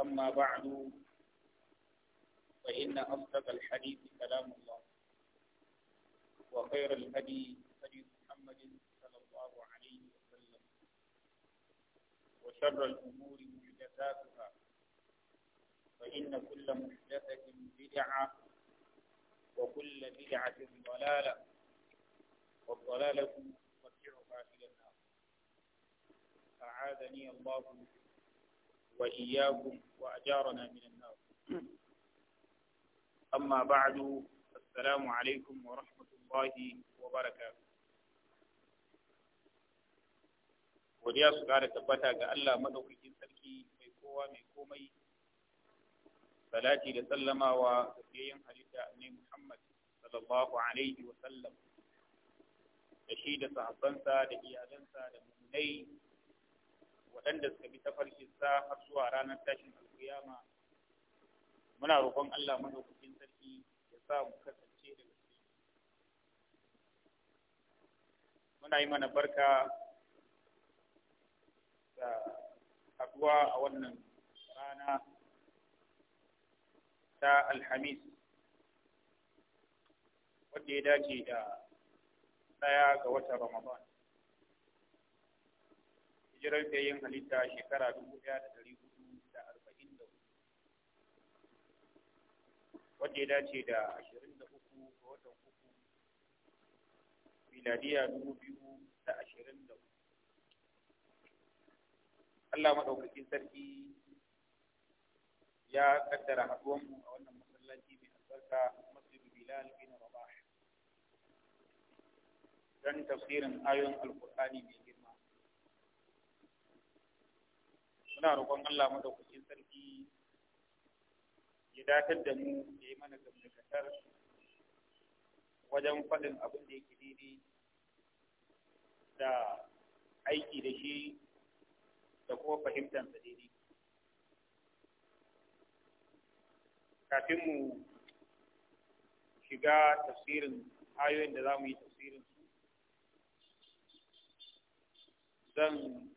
أما بعد فإن أصدق الحديث كلام الله وخير الهدي هدي محمد صلى الله عليه وسلم وشر الأمور محدثاتها فإن كل محدثة بدعة وكل بدعة ضلالة والضلالة مرجعها إلى النار أعاذني الله وإياكم وأجارنا من النار أما بعد السلام عليكم ورحمة الله وبركاته وديا سكارة تبتا قال الله مدوك جنسلكي في قوة من قومي صلاة لسلم وفيين حديث أمني محمد صلى الله عليه وسلم نشيد صحبا سادة إيادا سادة waɗanda suka bi tafarkin sa har zuwa ranar tashin alkiyama muna roƙon Allah madaukakin sarki ya sa mu kasance da gaske muna yi mana barka da haduwa a wannan rana ta alhamis Wanda ya dace da ɗaya ga watan ramadan hijirar ta yin halitta shekara dubu ɗaya da ɗari hudu da arba'in da hudu wadda ya dace da ashirin da uku ga watan uku miladiya dubu biyu da ashirin da hudu Allah maɗaukakin sarki ya kaddara haɗuwanmu a wannan masallaci mai albarka masjid bilal bin rabah dan tafsirin ayoyin Alƙur'ani mai muna roƙon Allah madaukakin sarki ya datar da mu ya yi mana gamdakatar wajen faɗin abin da yake daidai da aiki da shi da kuma fahimtansa daidai kafin mu shiga tafsirin ayoyin da za mu yi tafsirin su zan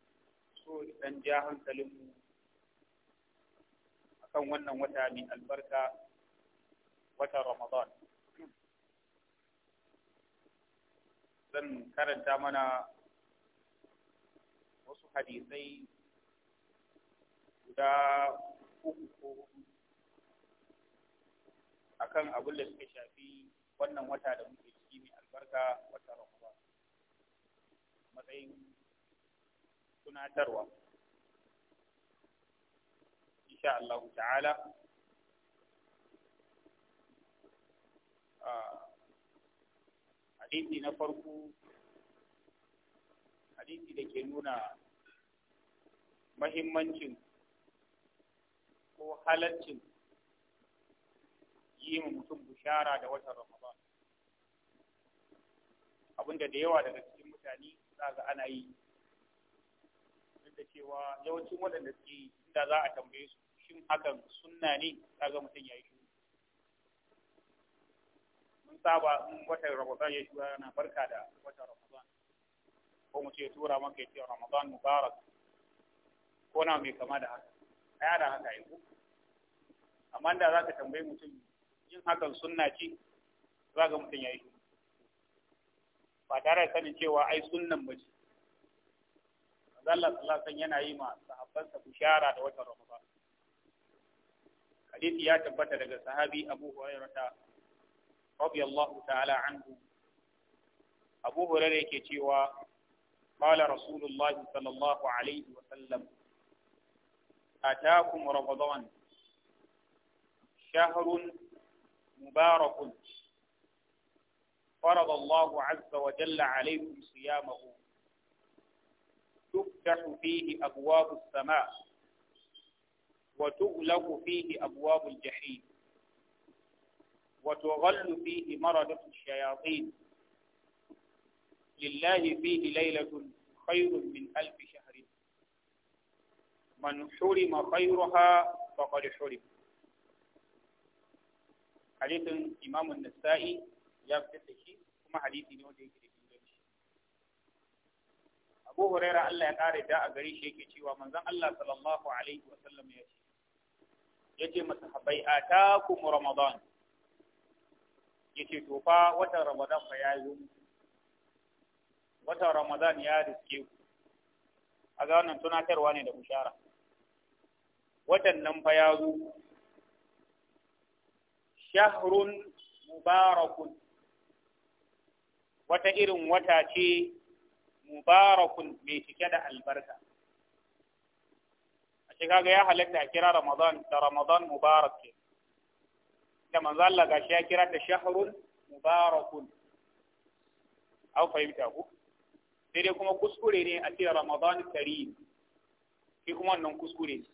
so dan ja hankalin mu kan wannan wata mai albarka watan Ramadan zan karanta mana wasu hadisai guda uku ko kan abin da suka shafi wannan wata da muke ciki mai albarka watan Ramadan matsayin tunatarwa insha Allah ta'ala ah, hadisi na farko hadisi da ke nuna mahimmancin ko halaccin yi ma mutum bushara da watan Ramadan abinda da yawa daga cikin mutane za ga ana yi da cewa yawancin waɗanda suke da za a tambaye su shin hakan sunna ne kaga mutum ya yi shi mun saba in watan ramadan ya shiga yana barka da watan ramadan ko mu ce tura maka ya ce ramadan mubarak ko na mai kama da haka a yana haka yi ko amma da za ka tambayi mutum yin hakan sunna ce za ga mutum ya yi shi ba tare da sanin cewa ai sunnan ba ce zalla sallallahu alaihi yana yi ma sahabbansa bishara da watan Ramadan hadisi ya tabbata daga sahabi Abu Hurairah radiyallahu ta'ala anhu Abu Hurairah yake cewa qala Rasulullah sallallahu alaihi wa sallam atakum Ramadan shahrun mubarakun فرض الله عز وجل عليكم صيامه تفتح فيه أبواب السماء وتغلق فيه أبواب الجحيم وتغل فيه مرض الشياطين لله فيه ليلة خير من ألف شهر من حرم خيرها فقد حرم حديث إمام النسائي يا شيء وما حديث نوجه Abu Huraira Allah ya kare da a gari shi yake cewa manzon Allah sallallahu alaihi wa sallam ya ce yace masahabai atakum ramadan ce to fa watan ramadan fa yayi watan ramadan ya riske ku a ga wannan tunatarwa ne da bushara watan nan fa ya zo shahrun mubarakun wata irin wata ce mubarakun mai cike da albarka a shi kaga ya halatta a kira ramadan da ramadan mubarak ke da manzo Allah gashi ya kira da shahrun mubarakun au fahimta ku sai dai kuma kuskure ne a ce ramadan karim shi kuma wannan kuskure ne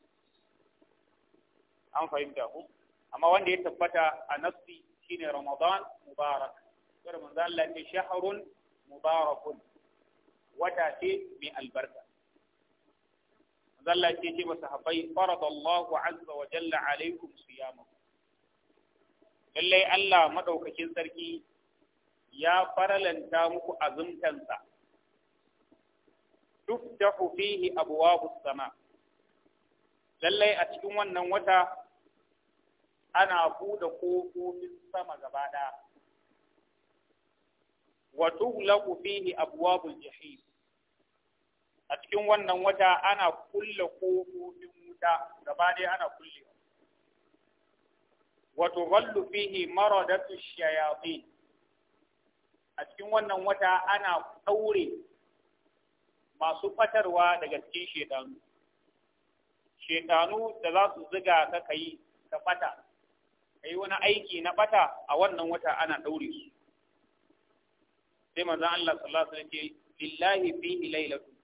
an fahimta ku amma wanda ya tabbata a nafsi shine ramadan mubarak sai manzo Allah ya shahrun mubarakun wata ce mai albarka Allah ce ce masa habai faradallahu azza wa jalla alaikum siyamakum lallai Allah maɗaukakin sarki ya faralanta muku azumtansa tuftahu fihi abwabus sama lallai a cikin wannan wata ana buɗe kofofin sama gaba ɗaya wa tughlaqu fihi abwabul jahim a cikin wannan wata ana kulle kofofin wuta gaba dai ana kulle wato ghallu fihi maradatu shayatin a cikin wannan wata ana daure masu fatarwa daga cikin shedanu shedanu da za su ziga ka kai ka fata kai wani aiki na bata a wannan wata ana daure su sai manzo Allah sallallahu alaihi wasallam ce lillahi fi lailatun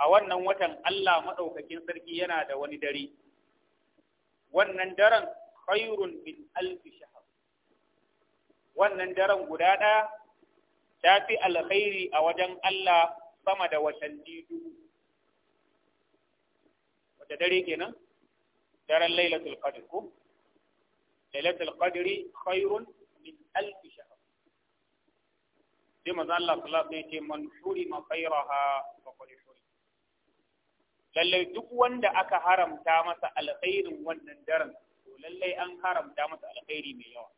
a wannan watan Allah maɗaukakin sarki yana da wani dare wannan daren khairun min alfi shahar wannan daren guda ɗaya ta fi alkhairi a wajen Allah sama da watanni dubu wata dare kenan daren lailatul qadr ko lailatul qadri khairun min alfi shahar sai manzo Allah sallallahu alaihi wasallam ya ce man hurima khairaha lallai duk wanda aka haramta masa alkhairin wannan daren to lallai an haramta masa alkhairi mai yawa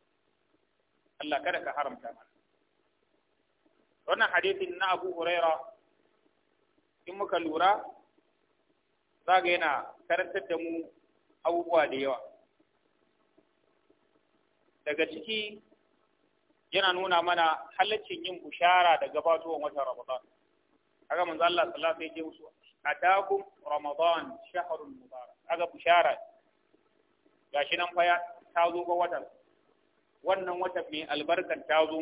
Allah kada ka haramta mana wannan hadisin na Abu Huraira in muka lura zaga yana karantar da mu abubuwa da yawa daga ciki yana nuna mana halaccin yin bushara da gabatowar watan Ramadan haka manzo Allah sallallahu alaihi wasallam atakum ramadan shahrun mubarak aga bushara gashi nan fa ta zo ga wata wannan watan mai albarkan ta zo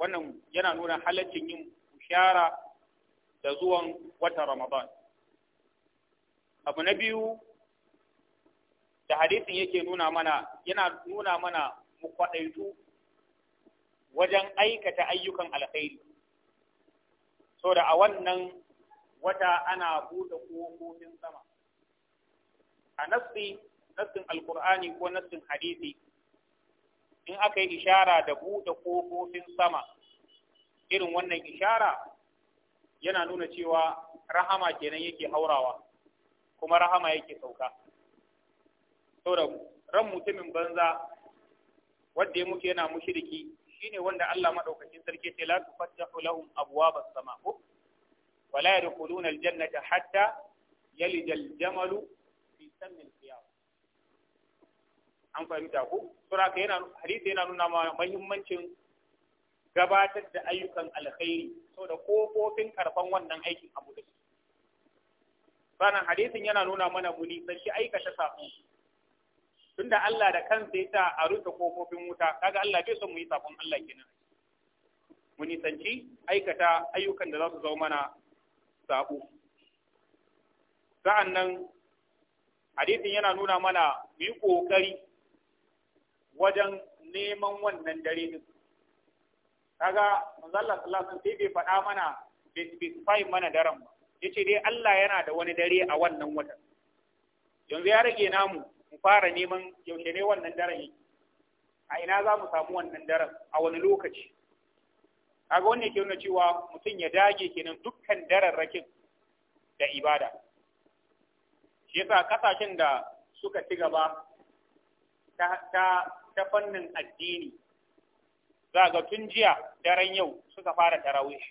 wannan yana nuna halaccin yin bushara da zuwan watan ramadan abu na biyu da hadisin yake nuna mana yana nuna mana mu kwadaitu wajen aikata ayyukan alkhairi saboda a wannan wata ana buɗe ƙofofin sama a nassi nassin alkur'ani ko nassin hadisi in aka yi ishara da buɗe ƙofofin sama irin wannan ishara yana nuna cewa rahama kenan yake haurawa kuma rahama yake sauka da ran mutumin banza wanda ya mutu yana mushiriki shine wanda Allah madaukakin sarki ce la tufattahu lahum as sama wa wala yadkhuluna al-jannata hatta yalija Jamalu, fi sammi alqiyam an fahimta ko sura ka yana hadisi yana nuna ma muhimmancin gabatar da ayyukan alkhairi saboda kofofin karban wannan aikin abu da sannan hadisin yana nuna mana muni sai shi aikata safi tunda Allah da kansa ya sa a rufe kofofin wuta kaga Allah bai son mu yi sakon Allah kenan mu nisanci aikata ayyukan da za su zama mana sabo nan, hadisin yana nuna mana mu yi kokari wajen neman wannan dare din kaga manzo Allah sallallahu alaihi wasallam sai bai faɗa mana bai specify mana daren ba yace dai Allah yana da wani dare a wannan wata yanzu ya rage namu mu fara neman yaushe ne wannan daren yake a ina za mu samu wannan daren a wani lokaci kaga wannan yake nuna cewa mutum ya dage kenan dukkan dararrakin da ibada shi yasa kasashen da suka ci gaba ta ta ta fannin addini za ga tun jiya daren yau suka fara tarawih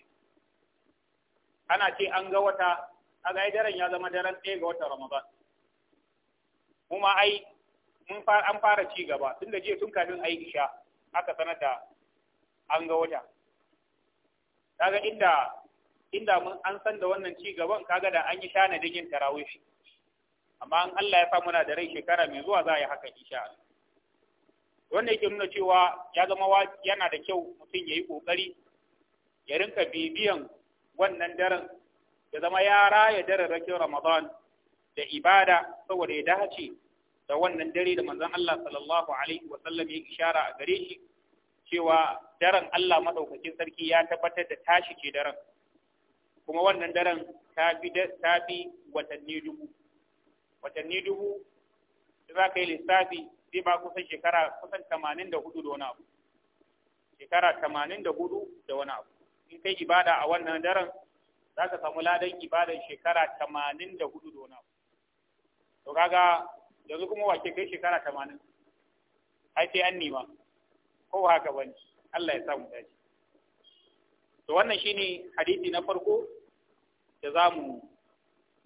ana ce an ga wata a ga ya zama daren ɗaya ga watan ramadan kuma ai mun fara an fara ci gaba tun da jiya tun kafin ai isha aka sanar da an ga wata kaga inda inda mun an san da wannan ci gaban kaga da an yi shana digin tarawih amma an Allah ya sa muna da rai shekara mai zuwa za a yi haka insha Allah wannan yake nuna cewa ya zama yana da kyau mutum ya yi ƙoƙari ya rinka bibiyan wannan daren ya zama ya raya daren rakin Ramadan da ibada saboda ya dace da wannan dare da manzon Allah sallallahu alaihi wa sallam ya ishara a gare shi cewa daren Allah madaukakin sarki ya tabbatar da tashi ce daren kuma wannan daren ta fi watanni dubu watanni dubu za ka yi lissafi zai ba kusan shekara kusan tamanin da hudu da wani abu shekara tamanin da hudu da wani abu in kai ibada a wannan daren za ka samu ladan ibadan shekara tamanin da hudu da wani abu to kaga yanzu kuma wace kai shekara tamanin ai sai an nima ko haka bane Allah ya samu dace to wannan shine hadisi na farko da zamu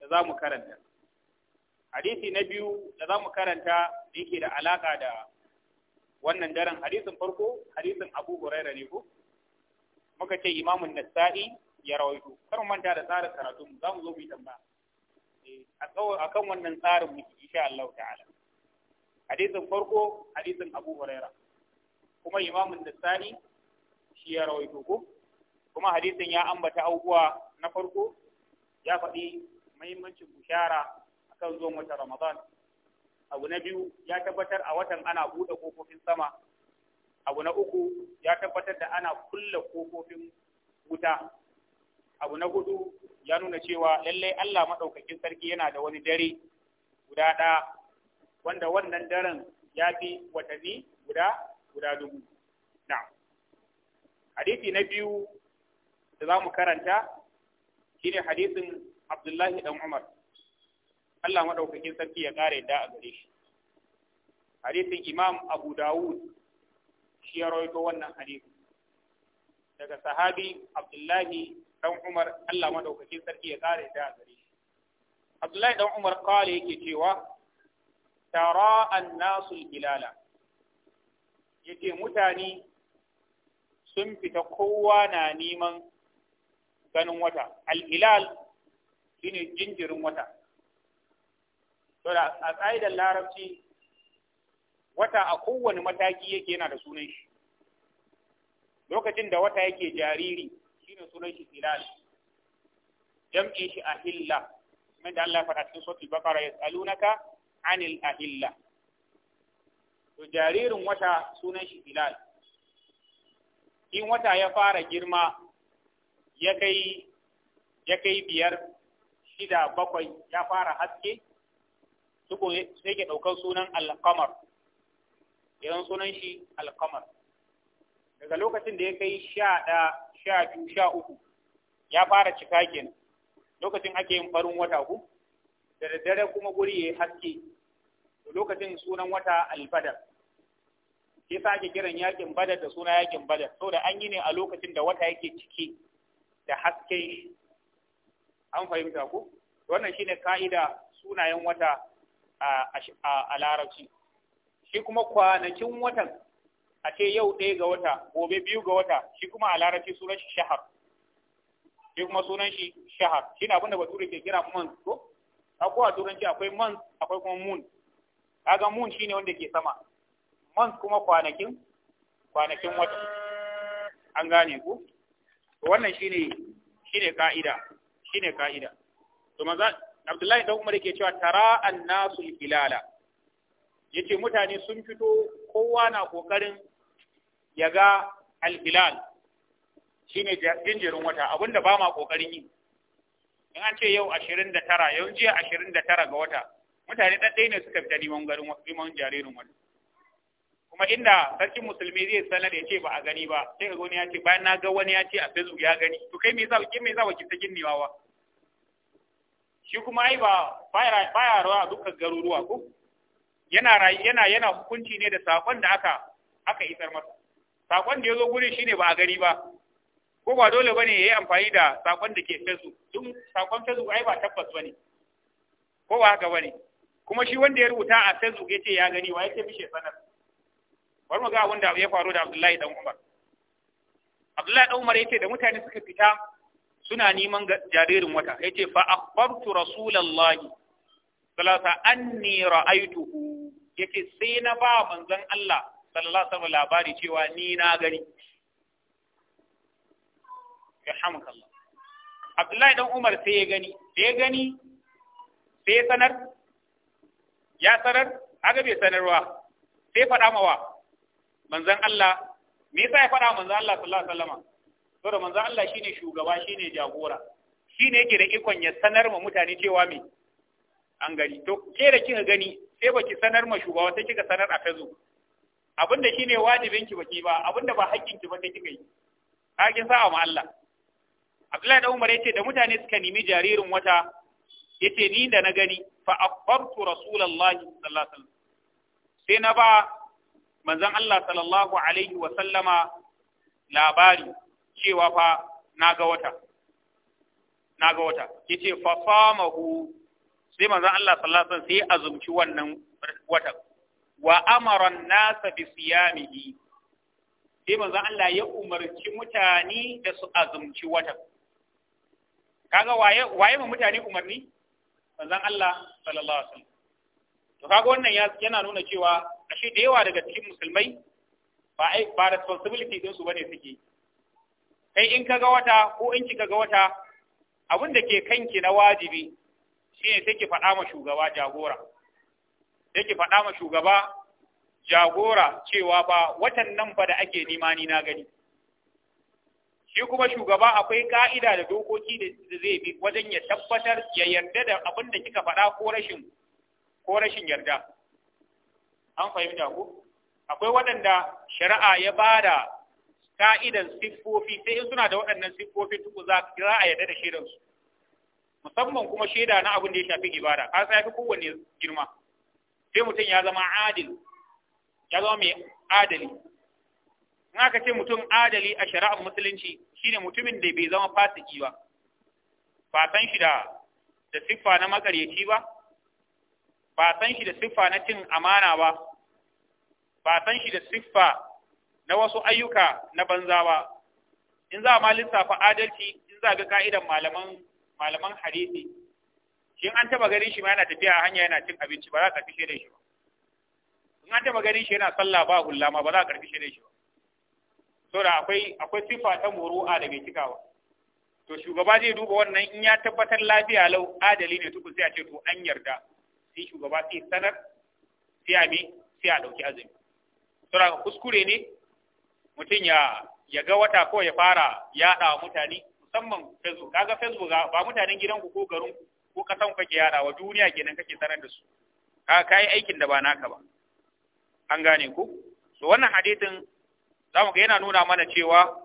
da zamu karanta hadisi na biyu da zamu karanta da yake da alaka da wannan daren hadisin farko hadisin Abu Huraira ne ko muka ce Imam An-Nasa'i ya rawaito kar manta da tsarin karatu zamu zo mu yi tambaya a kan wannan tsarin muke insha Allah ta'ala hadisin farko hadisin Abu Huraira kuma da tsani shi ya rawaito ko kuma hadisin ya ambata abubuwa na farko ya faɗi muhimmancin bushara akan zuwan watan Ramadan abu na biyu ya tabbatar a watan ana buɗe kofofin sama abu na uku ya tabbatar da ana kulle kofofin wuta abu na hudu ya nuna cewa lallai Allah maɗaukakin sarki yana da wani dare guda ɗaya wanda wannan daren ya fi watanni guda guda dubu. Na. Hadisi na biyu da za mu karanta shine hadisin Abdullahi ɗan Umar. Allah maɗaukakin sarki ya kare da a gare shi. Hadisin Imam Abu Dawud shi ya rawaito wannan hadisi. Daga sahabi Abdullahi dan Umar Allah madaukakin sarki ya kare da gare shi Abdullahi dan Umar kale yake cewa tara annasul ilala yake mutane sun fita kowa na neman ganin wata al-hilal shine jinjirin wata to da a tsaidar larabci wata a kowane mataki yake yana da sunan shi lokacin da wata yake jariri shine sunan shi hilal jam'i shi ahilla kamar da Allah ya faɗa cikin bakara ya yasalunaka anil ahilla to jaririn wata sunan shi hilal in wata ya fara girma ya kai ya kai biyar shida bakwai ya fara haske tukun sai ke ɗaukar sunan alkamar idan sunan shi alkamar daga lokacin da ya kai sha ɗaya sha biyu sha uku ya fara cika kenan lokacin ake yin farin wata ku da daddare kuma guri ya yi haske lokacin sunan wata albadar sai sa ake kiran yakin badar da suna yakin badar saboda an yi ne a lokacin da wata yake ciki da haske an fahimta ku wannan shine ka'ida sunayen wata a larabci shi kuma kwanakin watan a ce yau ɗaya ga wata gobe biyu ga wata shi kuma a larabci sunan shi shahar shi kuma sunan shi shahar shi na abinda bature ke kira month ko ko a turanci akwai month akwai kuma moon kaga moon shine wanda ke sama month kuma kwanakin kwanakin wata an gane ku wannan shine shine ka'ida shine ka'ida to maza Abdullahi dan Umar yake cewa tara annasu hilala yace mutane sun fito kowa na kokarin ya ga alhilal ne jinjirin wata abinda ba ma kokarin yi in an ce yau 29 yau jiya 29 ga wata mutane ɗaya ne suka fita neman garin neman jaririn wata kuma inda sarkin musulmi zai sanar ya ce ba a gani ba sai ka wani ya ce bayan na ga wani ya ce a facebook ya gani to kai me yasa kin me yasa baki ta ginnewa ba shi kuma ai ba baya rawa a dukkan garuruwa ko yana yana yana hukunci ne da sakon da aka aka isar masa sakon da ya zo gurin shine ba a gani ba ko ba dole bane yayi amfani da sakon da ke Facebook tun sakon Facebook ai ba tabbas bane ko ba haka bane kuma shi wanda ya rubuta a Facebook yace ya gani wa yake bishe sanar bar mu ga abin da ya faru da Abdullahi dan Umar Abdullahi dan Umar yace da mutane suka fita suna neman jaririn wata yace fa akhbartu rasulullahi sallallahu alaihi anni ra'aytuhu yace sai na ba manzon Allah sallallahu alaihi wasallam labari cewa ni na gani yarhamukallah Abdullahi dan Umar sai ya gani sai ya gani sai ya sanar ya sanar aga bai sanarwa sai faɗa mawa manzon Allah me yasa ya faɗa manzon Allah sallallahu alaihi wasallam saboda manzon Allah shine shugaba shine jagora shine yake da ikon ya sanar ma mutane cewa me an gani to ke da kika gani sai baki sanar ma shugaba sai kika sanar a Facebook abinda shine wajibin ki baki ba abinda ba haƙƙin ki ba kai kika yi ka kin sa ma Allah Abdullahi da Umar yace da mutane suka nemi jaririn wata yace ni da na gani fa akhbartu rasulullahi sallallahu alaihi wasallam sai na ba manzon Allah sallallahu alaihi Wasallama labari cewa fa na ga wata na ga wata yace fa samahu sai manzon Allah sallallahu alaihi wasallam sai azumci wannan watan wa amaran nasa bi siyamihi sai manzo Allah ya umarci mutane da su azumci watan kaga waye waye mu mutane umarni manzon Allah sallallahu alaihi wasallam to kaga wannan yana nuna cewa ashe da yawa daga cikin musulmai ba ai ba responsibility din su bane suke kai in kaga wata ko in kika ga wata abin da ke kanki na wajibi shine sai ki faɗa ma shugaba jagora yake faɗa ma shugaba jagora cewa ba watan nan ba da ake nima ni na gani shi kuma shugaba akwai ka'ida da dokoki da zai bi wajen ya tabbatar ya yarda da abin da kika faɗa ko rashin ko rashin yarda an fahimta ku akwai waɗanda shari'a ya ba da ka'idan siffofi sai in suna da waɗannan siffofi tuku za a yarda da shaidansu musamman kuma shaida na abin da ya shafi ibada ka sai fi kowanne girma sai mutum ya zama adil ya zama mai adali in aka ce mutum adali a shari'ar musulunci shine mutumin da bai zama fasiki ba ba san shi da siffa na makaryaci ba ba san shi da siffa na cin amana ba ba san shi da siffa na wasu ayyuka na banza ba in za ma lissafa adalci in za a ga ka'idan malaman malaman hadisi in an taba ganin shi ma yana tafiya a hanya yana cin abinci ba za ka karfishe da shi ba in an taba ganin shi yana sallah ba hulla ma ba za ka karfishe da shi ba da akwai akwai sifa ta muru'a da bai cikawa to shugaba zai duba wannan in ya tabbatar lafiya lau adali ne tukun sai a ce to an yarda sai shugaba sai sanar sai a me sai a dauki azumi da kuskure ne mutum ya ya ga wata ko ya fara yaɗa mutane musamman facebook kaga facebook ba mutanen gidanku ko garinku ko kasan kake yada wa duniya kenan kake sanar da su ka kai aikin da ba naka ba an gane ku so wannan hadisin zamu ga yana nuna mana cewa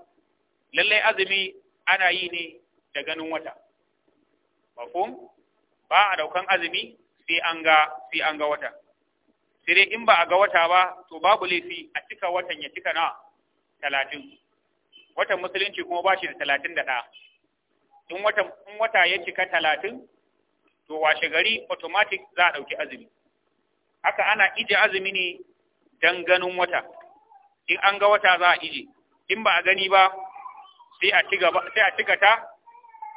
lallai azumi ana yi ne da ganin wata mafhum ba a daukan azumi sai an ga sai an ga wata sai dai in ba a ga wata ba to babu laifi a cika watan ya cika na talatin watan musulunci kuma ba shi da talatin da ɗaya in wata in wata ya cika talatin to washe gari automatic za a ɗauki azumi haka ana ije azumi ne dan ganin wata in an ga wata za a ije in ba a gani ba sai a cika ta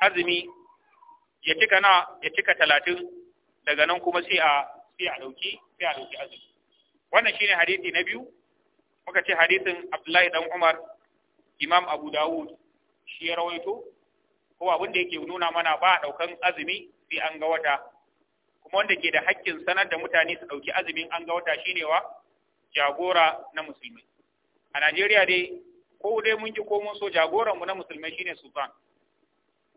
azumi ya cika na ya cika talatin daga nan kuma sai a sai a ɗauki sai a ɗauki azumi wannan shine hadisi na biyu muka ce hadisin Abdullahi dan Umar Imam Abu Dawud shi ya rawaito ko abin da yake nuna mana ba a ɗaukan azumi sai an ga wata kuma wanda ke da haƙƙin sanar da mutane su ɗauki azumin an ga wata shine wa jagora na musulmi a Najeriya dai ko dai mun ji ko mun so jagoran mu na musulmi shine sultan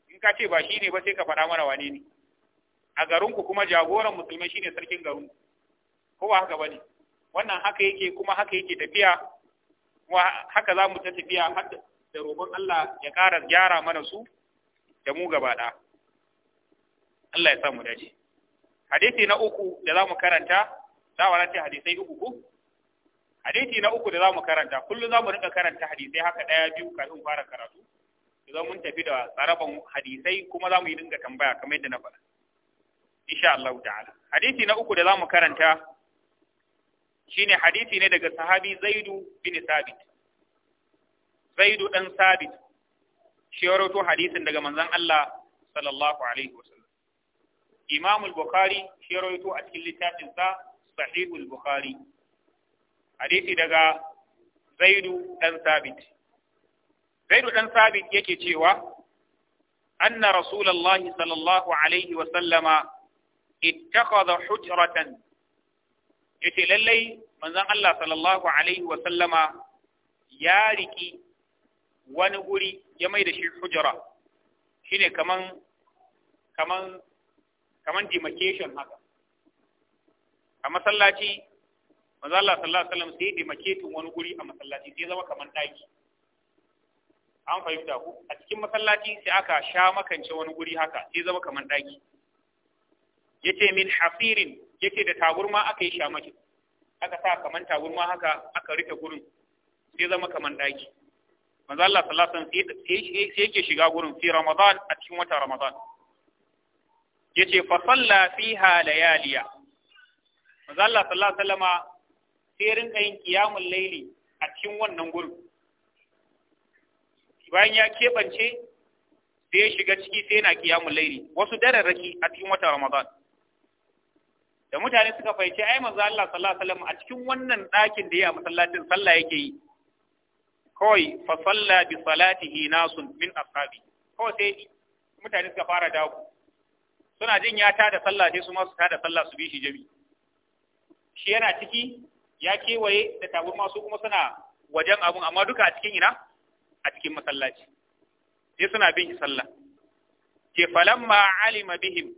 in ka ce ba shine ba sai ka faɗa mana wane ne a garin ku kuma jagoran musulmi shine sarkin garin ko ba haka bane wannan haka yake kuma haka yake tafiya kuma haka za mu ta tafiya har da roƙon Allah ya ƙara gyara mana su da mu gaba ɗa. Allah ya samu dace hadisi na uku da za mu karanta za mu ce hadisai uku ku hadisi na uku da za mu karanta kullum za mu rika karanta hadisai haka ɗaya biyu kafin fara karatu idan mun tafi da tsaraban hadisai kuma za mu yi dinga tambaya kamar yadda na faɗa insha Allah ta'ala hadisi na uku da za mu karanta shine hadisi ne daga sahabi Zaidu bin Sabit Zaidu ɗan Sabit shi hadisin daga manzan Allah sallallahu alaihi wasallam Imam al-Bukhari shi a cikin littafin sa al-Bukhari hadisi daga Zaidu dan Sabit Zaidu dan Sabit yake cewa anna rasulullahi sallallahu alaihi wasallama ittakhadha hujratan yace lallai manzon Allah sallallahu alaihi wasallama ya riki wani guri ya mai da shi hujara shine kaman kaman kaman demarcation haka a masallaci manzo Allah sallallahu alaihi wasallam sai demarcating wani guri a masallaci sai zama kaman daki an fahimta ku a cikin masallaci sai aka sha makance wani guri haka sai zama kaman daki yace min hasirin yace da tagurma aka yi sha makin aka sa kaman tagurma haka aka rike gurin sai zama kaman daki manzo Allah sallallahu alaihi wasallam sai yake shiga gurin fi Ramadan a cikin watan Ramadan yace fa salla fiha layaliya manzo Allah sallallahu alaihi wasallama sai rinka yin qiyamul layli a cikin wannan gurin bayan ya kebance sai ya shiga ciki sai yana qiyamul layli wasu dararraki a cikin watan Ramadan da mutane suka fahimci ai manzo Allah sallallahu alaihi wasallam a cikin wannan ɗakin da ya masallacin sallah yake yi kawai fa bi salatihi nasun min ashabi kawai sai mutane suka fara dawo suna jin ya tada sallah sai su ma su tada sallah su bi shi jami shi yana ciki ya kewaye da tabur masu kuma suna wajen abun amma duka a cikin ina a cikin masallaci sai suna bin shi sallah ke falamma alima bihim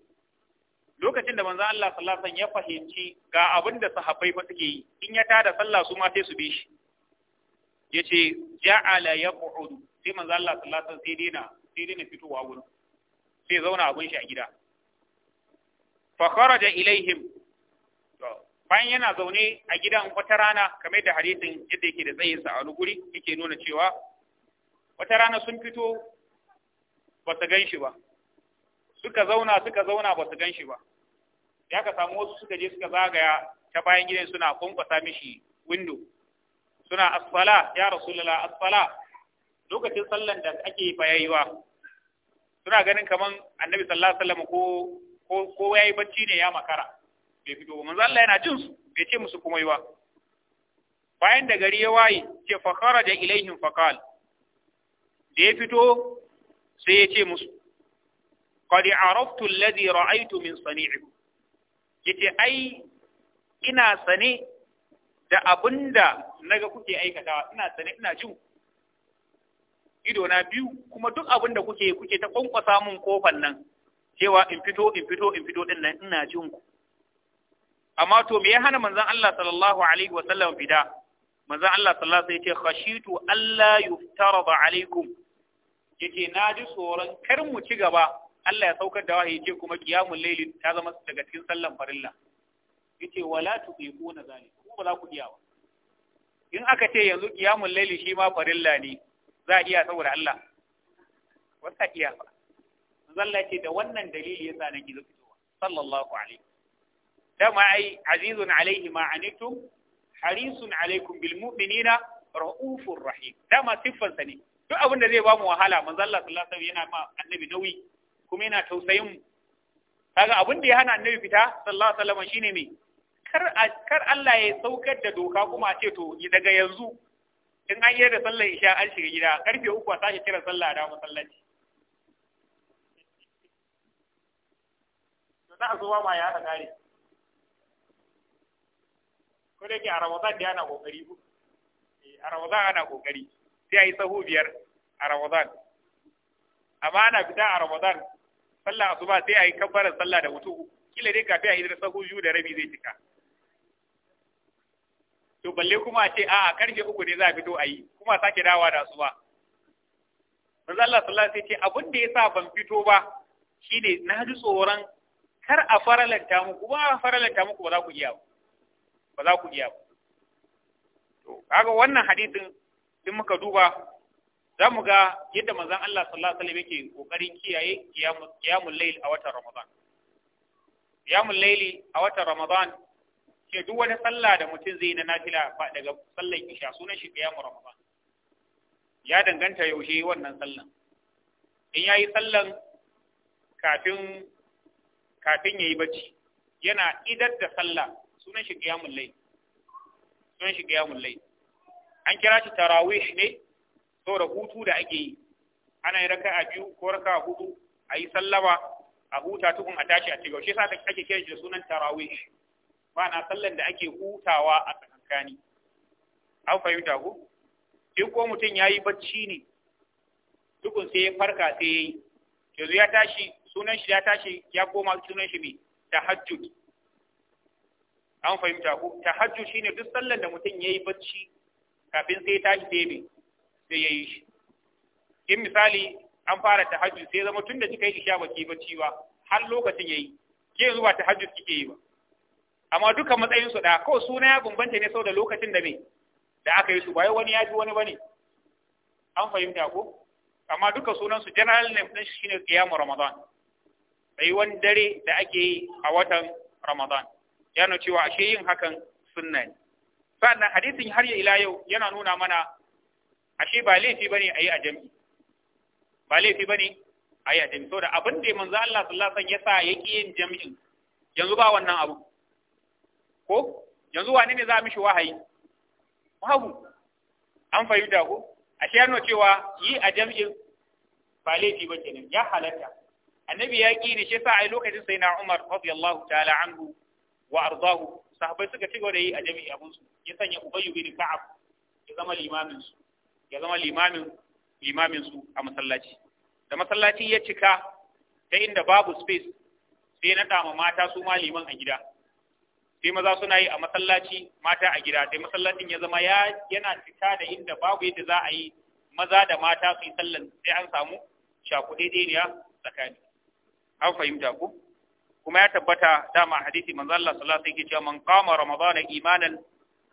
lokacin da manzo Allah sallallahu alaihi wasallam ya fahimci ga abin da sahabbai fa suke yi in ya tada sallah su ma sai su bi shi yace ja'ala yaq'ud sai manzo Allah sallallahu alaihi wasallam sai dina sai dina fitowa gurin sai zauna abun shi a gida fa kharaja ilaihim bayan yana zaune a gidan wata rana kamar da hadisin yadda yake da tsayinsa a wani guri yake nuna cewa wata rana sun fito ba su gan shi ba suka zauna suka zauna ba su gan shi ba ya ka samu wasu suka je suka zagaya ta bayan gidan suna kunkwasa mishi windo suna asfala ya rasulala asfala lokacin sallan da ake fayayiwa suna ganin kaman annabi sallallahu alaihi wasallam ko ko yi yayi bacci ne ya makara bai fito manzo Allah yana jin su bai ce musu kuma yiwa bayan da gari ya waye ce fa kharaja ilaihim fa da ya fito sai ya ce musu qad araftu alladhi ra'aytu min sani'ikum yace ai ina sane da na naga kuke aikatawa ina sane ina jin ido na biyu kuma duk abin da kuke kuke ta kwankwasa mun kofan nan cewa in fito in fito in fito din nan ina jin ku amma to me ya hana manzon Allah sallallahu alaihi wa sallam fida manzon Allah sallallahu alaihi ya ce khashitu alla yuftarada alaikum yace na ji tsoron kar mu ci gaba Allah ya saukar da wahayi ce kuma qiyamul layli ta zama daga cikin sallan farilla yace wala tuqifuna zalikum ba za ku iya ba in aka ce yanzu ƙiyamun laili shi ma farilla ne za a iya saboda Allah ba za iya ba zalla ce da wannan dalili yasa nake gizo fitowa sallallahu alaihi dama ai azizun alaihi ma anitum harisun alaikum bil mu'minina ra'ufur rahim dama siffar sa ne duk abin da zai ba mu wahala manzo Allah sallallahu alaihi yana ma annabi nauyi kuma yana tausayin mu kaga abin da ya hana annabi fita sallallahu alaihi wasallam shine me kar Allah ya saukar da doka kuma a ce to daga yanzu in an yi da sallar isha an shiga gida karfe uku a sashi kira sallah da masallaci Da za a zuwa ma ya haɗa kare ko da yake a ramadan da ana kokari eh, a ramadan ana kokari sai a yi sahu biyar a ramadan amma ana fita a ramadan sallah asuba sai a yi kabbarar sallah da mutu kila dai kafin a yi da sahu biyu da rabi zai cika to balle kuma a ce a karfe uku ne za a fito a yi kuma sake dawa da su ba manzo Allah sallallahu alaihi ce abin da yasa ban fito ba shine na ji tsoron kar a faralanta muku ba a faralanta muku ba za ku iya ba za ku iya ba to kaga wannan hadisin din muka duba za mu ga yadda manzon Allah sallallahu alaihi wasallam yake kokarin kiyaye qiyamul layl a watan Ramadan qiyamul layli a watan Ramadan ke duk wata sallah da mutum zai na nafila daga sallar isha sunan shi qiyamu ramadan ya danganta yaushe wannan sallan in yayi sallan kafin kafin yayi bacci yana idar da sallah sunan shi qiyamul layl sunan shi qiyamul layl an kira shi tarawih ne saboda hutu da ake yi ana yi raka'a biyu ko raka'a hudu a yi sallama a huta tukun a tashi a cigaba shi yasa ake kiran shi da sunan tarawih ma'ana sallan da ake hutawa a tsakankani an fahimta ku sai ko mutum ya yi bacci ne tukun sai ya farka sai ya yi yanzu ya tashi sunan shi ya tashi ya koma sunan shi mai tahajjud an fahimta ku tahajjud shine duk sallan da mutum ya yi bacci kafin sai ya tashi sai ya sai ya yi shi in misali an fara tahajjud sai zama tun da kika yi isha baki bacci ba har lokacin ya yi ke zuwa ta tahajjud kike yi ba amma duka matsayin su da kawai suna ya bambanta ne saboda lokacin da me da aka yi su ba wani ya ji wani bane an fahimta ko amma duka sunan su general name din shi shine qiyamu ramadan wani dare da ake yi a watan ramadan yana cewa ashe yin hakan sunna ne sannan hadisin har ila yau yana nuna mana ashe ba laifi bane ayi a jami'i ba laifi bane ayi a jami'i saboda abin da manzo Allah sallallahu alaihi wasallam ya sa yake yin jami'in yanzu ba wannan abu ko yanzu wane ne za a mishi wahayi babu an fahimta ko A ashe yana cewa yi a jam'in ba laifi ba kenan ya halatta annabi ya ƙi ne shi sa a lokacin sai na umar radiyallahu ta'ala anhu wa arzahu sahabbai suka ci yi a jami'i abun su ya sanya ubayyu bin ka'ab ya zama limamin su ya zama limamin limamin su a masallaci da masallaci ya cika ta inda babu space sai na dama mata su ma liman a gida sai maza suna yi a masallaci mata a gida sai masallacin ya zama yana fita da inda babu yadda za a yi maza da mata su yi sallan sai an samu shakuɗeɗeniya tsakani an fahimta ku kuma ya tabbata dama hadisi manzo Allah sallallahu alaihi wasallam cewa man qama ramadana imanan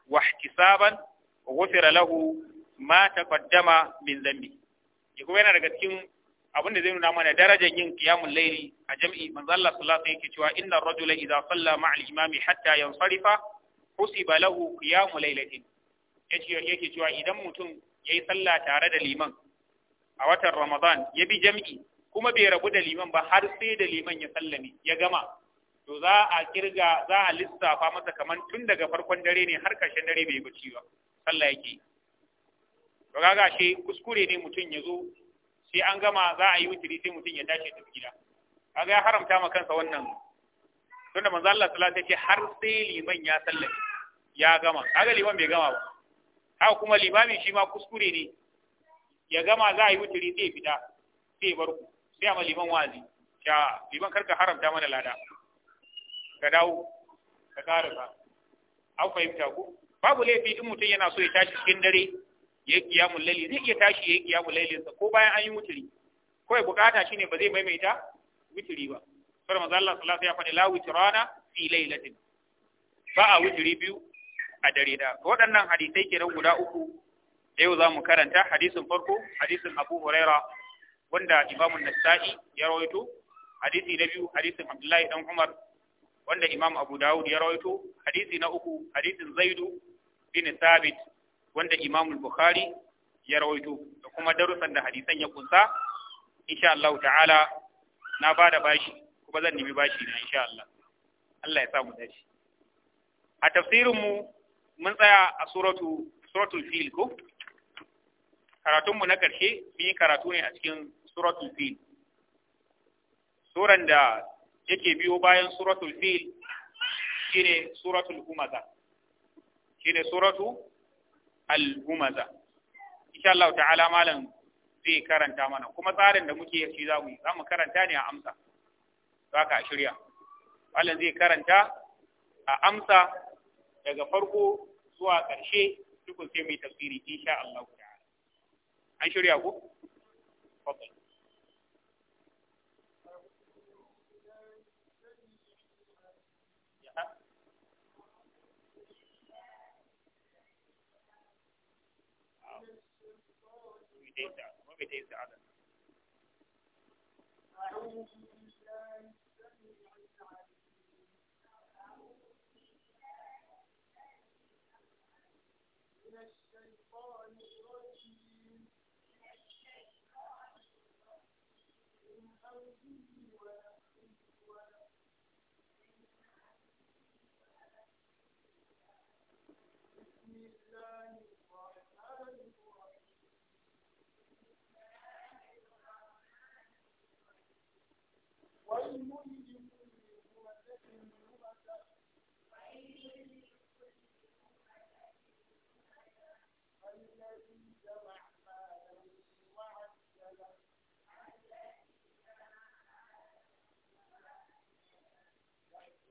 wa ihtisaban ghufira lahu ma taqaddama min dhanbi kuma yana daga cikin abinda zai nuna mana darajar yin qiyamul layli a jam'i manzo Allah sallallahu alaihi wasallam yake cewa inna ar-rajula idza salla ma'a al-imami hatta yansarifa husiba lahu qiyamul laylatin yace yake cewa idan mutum yayi sallah tare da liman a watan Ramadan ya bi jam'i kuma bai rabu da liman ba har sai da liman ya sallame ya gama to za a kirga za a lissafa masa kaman tun daga farkon dare ne har karshen dare bai bacci ba sallah yake to kaga shi kuskure ne mutum ya zo sai an gama za a yi witiri sai mutum ya tashi tafi gida kaga ya haramta ma kansa wannan tunda manzo Allah sallallahu alaihi wasallam ce har sai liman ya sallame ya gama kaga liman bai gama ba haka kuma limamin shi ma kuskure ne ya gama za a yi witiri sai fita sai bar ku sai a liman wazi ya liman karka haramta mana lada ka dawo ka karasa an fahimta ku babu laifi in mutum yana so ya tashi cikin dare ya yi kiyamun laili zai iya tashi ya yi kiyamun sa ko bayan an yi wuturi kawai bukata shine ba zai maimaita wuturi ba sai manzo Allah sallallahu alaihi wasallam ya faɗi la wutrana fi lailatin ba a wuturi biyu a dare da waɗannan hadisai kenan guda uku da yau zamu karanta hadisin farko hadisin Abu Huraira wanda Imam Nasa'i ya rawaito hadisi na biyu hadisin Abdullahi dan Umar wanda Imam Abu Dawud ya rawaito hadisi na uku hadisin Zaidu bin Thabit wanda Imam Bukhari ya rawaito da kuma darussan da hadisan ya kunsa insha Allah ta'ala na bada bashi kuma zan nemi bashi na insha Allah Allah ya sa mu dace a tafsirin mu mun tsaya a suratu suratul fil ko karatun mu na karshe mun yi karatu ne a cikin suratul fil suran da yake biyo bayan suratul fil shine suratul humaza shine suratu al-humaza insha Allah ta'ala malam zai karanta mana kuma tsarin da muke shi za mu yi za mu karanta ne a amsa za ka shirya malam zai karanta a amsa daga farko zuwa ƙarshe dukkan sai mai tafsiri insha Allah ta'ala an shirya ku fadal ita kuma bai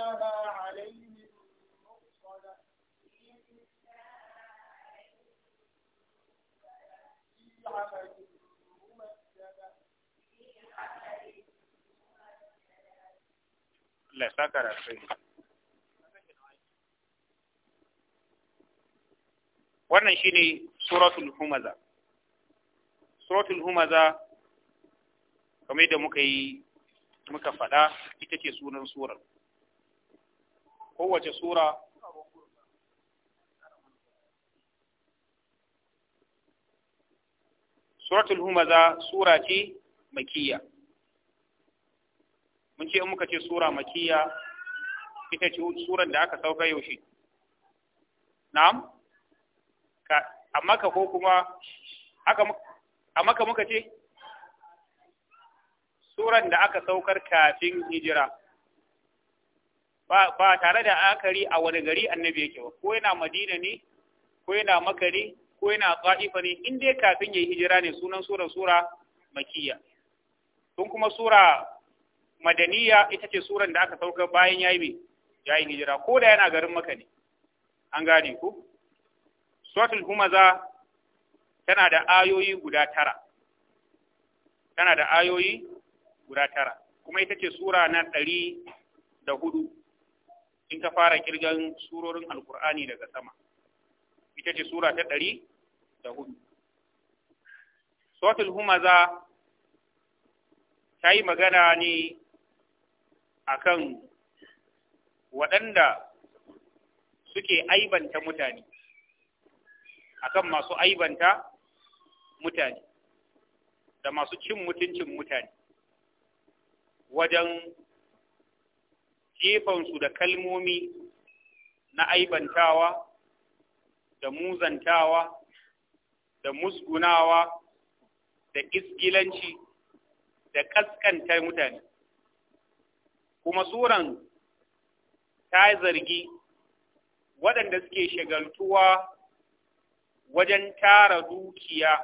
عليهم في عمل Wannan shi ne Suratul Humaza. Suratul Humaza, kamar da muka yi muka faɗa ita ce sunan surar. kowace sura suratul humaza sura ce makiya mun ce in muka ce sura makiya ita ce suran da aka sauka yaushe na'am ka amma ka, ko kuma aka amma ka muka ce suran da aka saukar kafin hijira ba tare da akari a wani gari annabi yake ba ko yana madina ne ko yana makari ko yana tsa'ifa ne in dai kafin ya yi hijira ne sunan sura sura makiya tun kuma sura madaniya ita ce suran da aka sauka bayan ya yi ya yi hijira ko da yana garin maka ne an gane ku suratul humaza tana da ayoyi guda tara tana da ayoyi guda tara kuma ita ce sura na ɗari da hudu in ka fara kirgan surorin alkur'ani daga sama ita ce sura ta ɗari da hudu suratul humaza ta yi magana ne akan waɗanda suke aibanta mutane akan masu aibanta mutane da masu cin mutuncin mutane wajen jefansu da kalmomi na aibantawa da muzantawa da musgunawa da iskilanci da kaskanta mutane kuma suran ta zargi waɗanda suke shagaltuwa wajen tara dukiya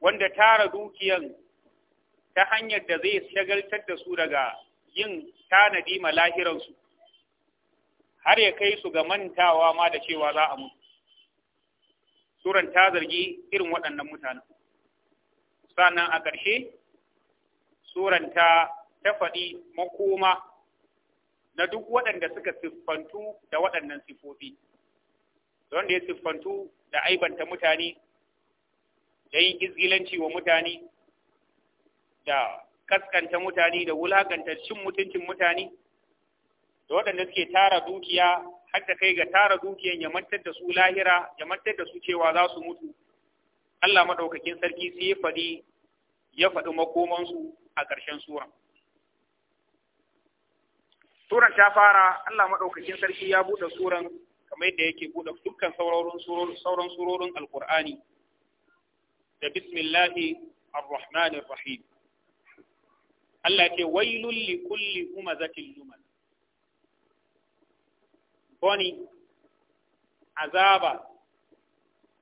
wanda tara dukiyan ta hanyar da zai shagaltar da su daga yin tanadi ma lahiransu har ya kai su ga mantawa ma da cewa za a mutu suran ta zargi irin waɗannan mutanen sannan a ƙarshe suran ta ta faɗi makoma na duk waɗanda suka siffantu da waɗannan sifofi wanda ya siffantu da aibanta mutane da yin izgilanci wa mutane da kaskanta mutane da wulakanta cin mutuncin mutane da waɗanda suke tara dukiya har ta kai ga tara dukiyan ya mantar da su lahira ya mantar da su cewa za su mutu Allah maɗaukakin sarki sai ya faɗi ya faɗi makomansu a ƙarshen sura suran ta fara Allah maɗaukakin sarki ya buɗe suran kamar yadda yake buɗe dukkan sauran surorin Alƙur'ani da bismillahi ar-rahmanir rahim Allah ce wailul li kulli humazatin lumaz boni azaba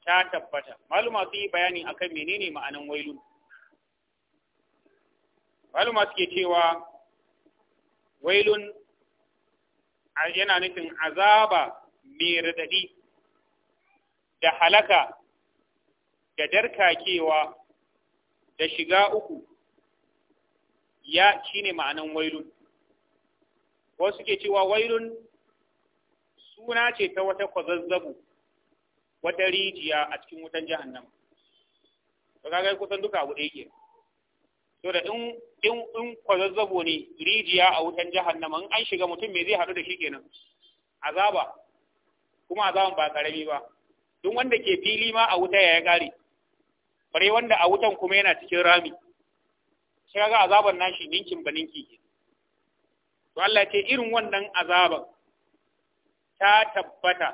ta tabbata maluma su yi bayani akan menene ma'anan wailun maluma suke cewa wailun yana nufin azaba mai radadi da halaka da darkakewa da shiga uku ya shine ma'anan wailun ko ke cewa wailun suna ce ta wata kwazazzabu wata rijiya a cikin wutan jahannama to kaga kusan duka abu ɗaya ke to da in in in kwazazzabo ne rijiya a wutan jahannama in an shiga mutum me zai haɗu da shi kenan azaba kuma azaban ba karami ba duk wanda ke fili ma a wuta ya ya kare bare wanda a wutan kuma yana cikin rami sai ga azaban nashi ninkin ba ninki ke to Allah ce irin wannan azaban ta tabbata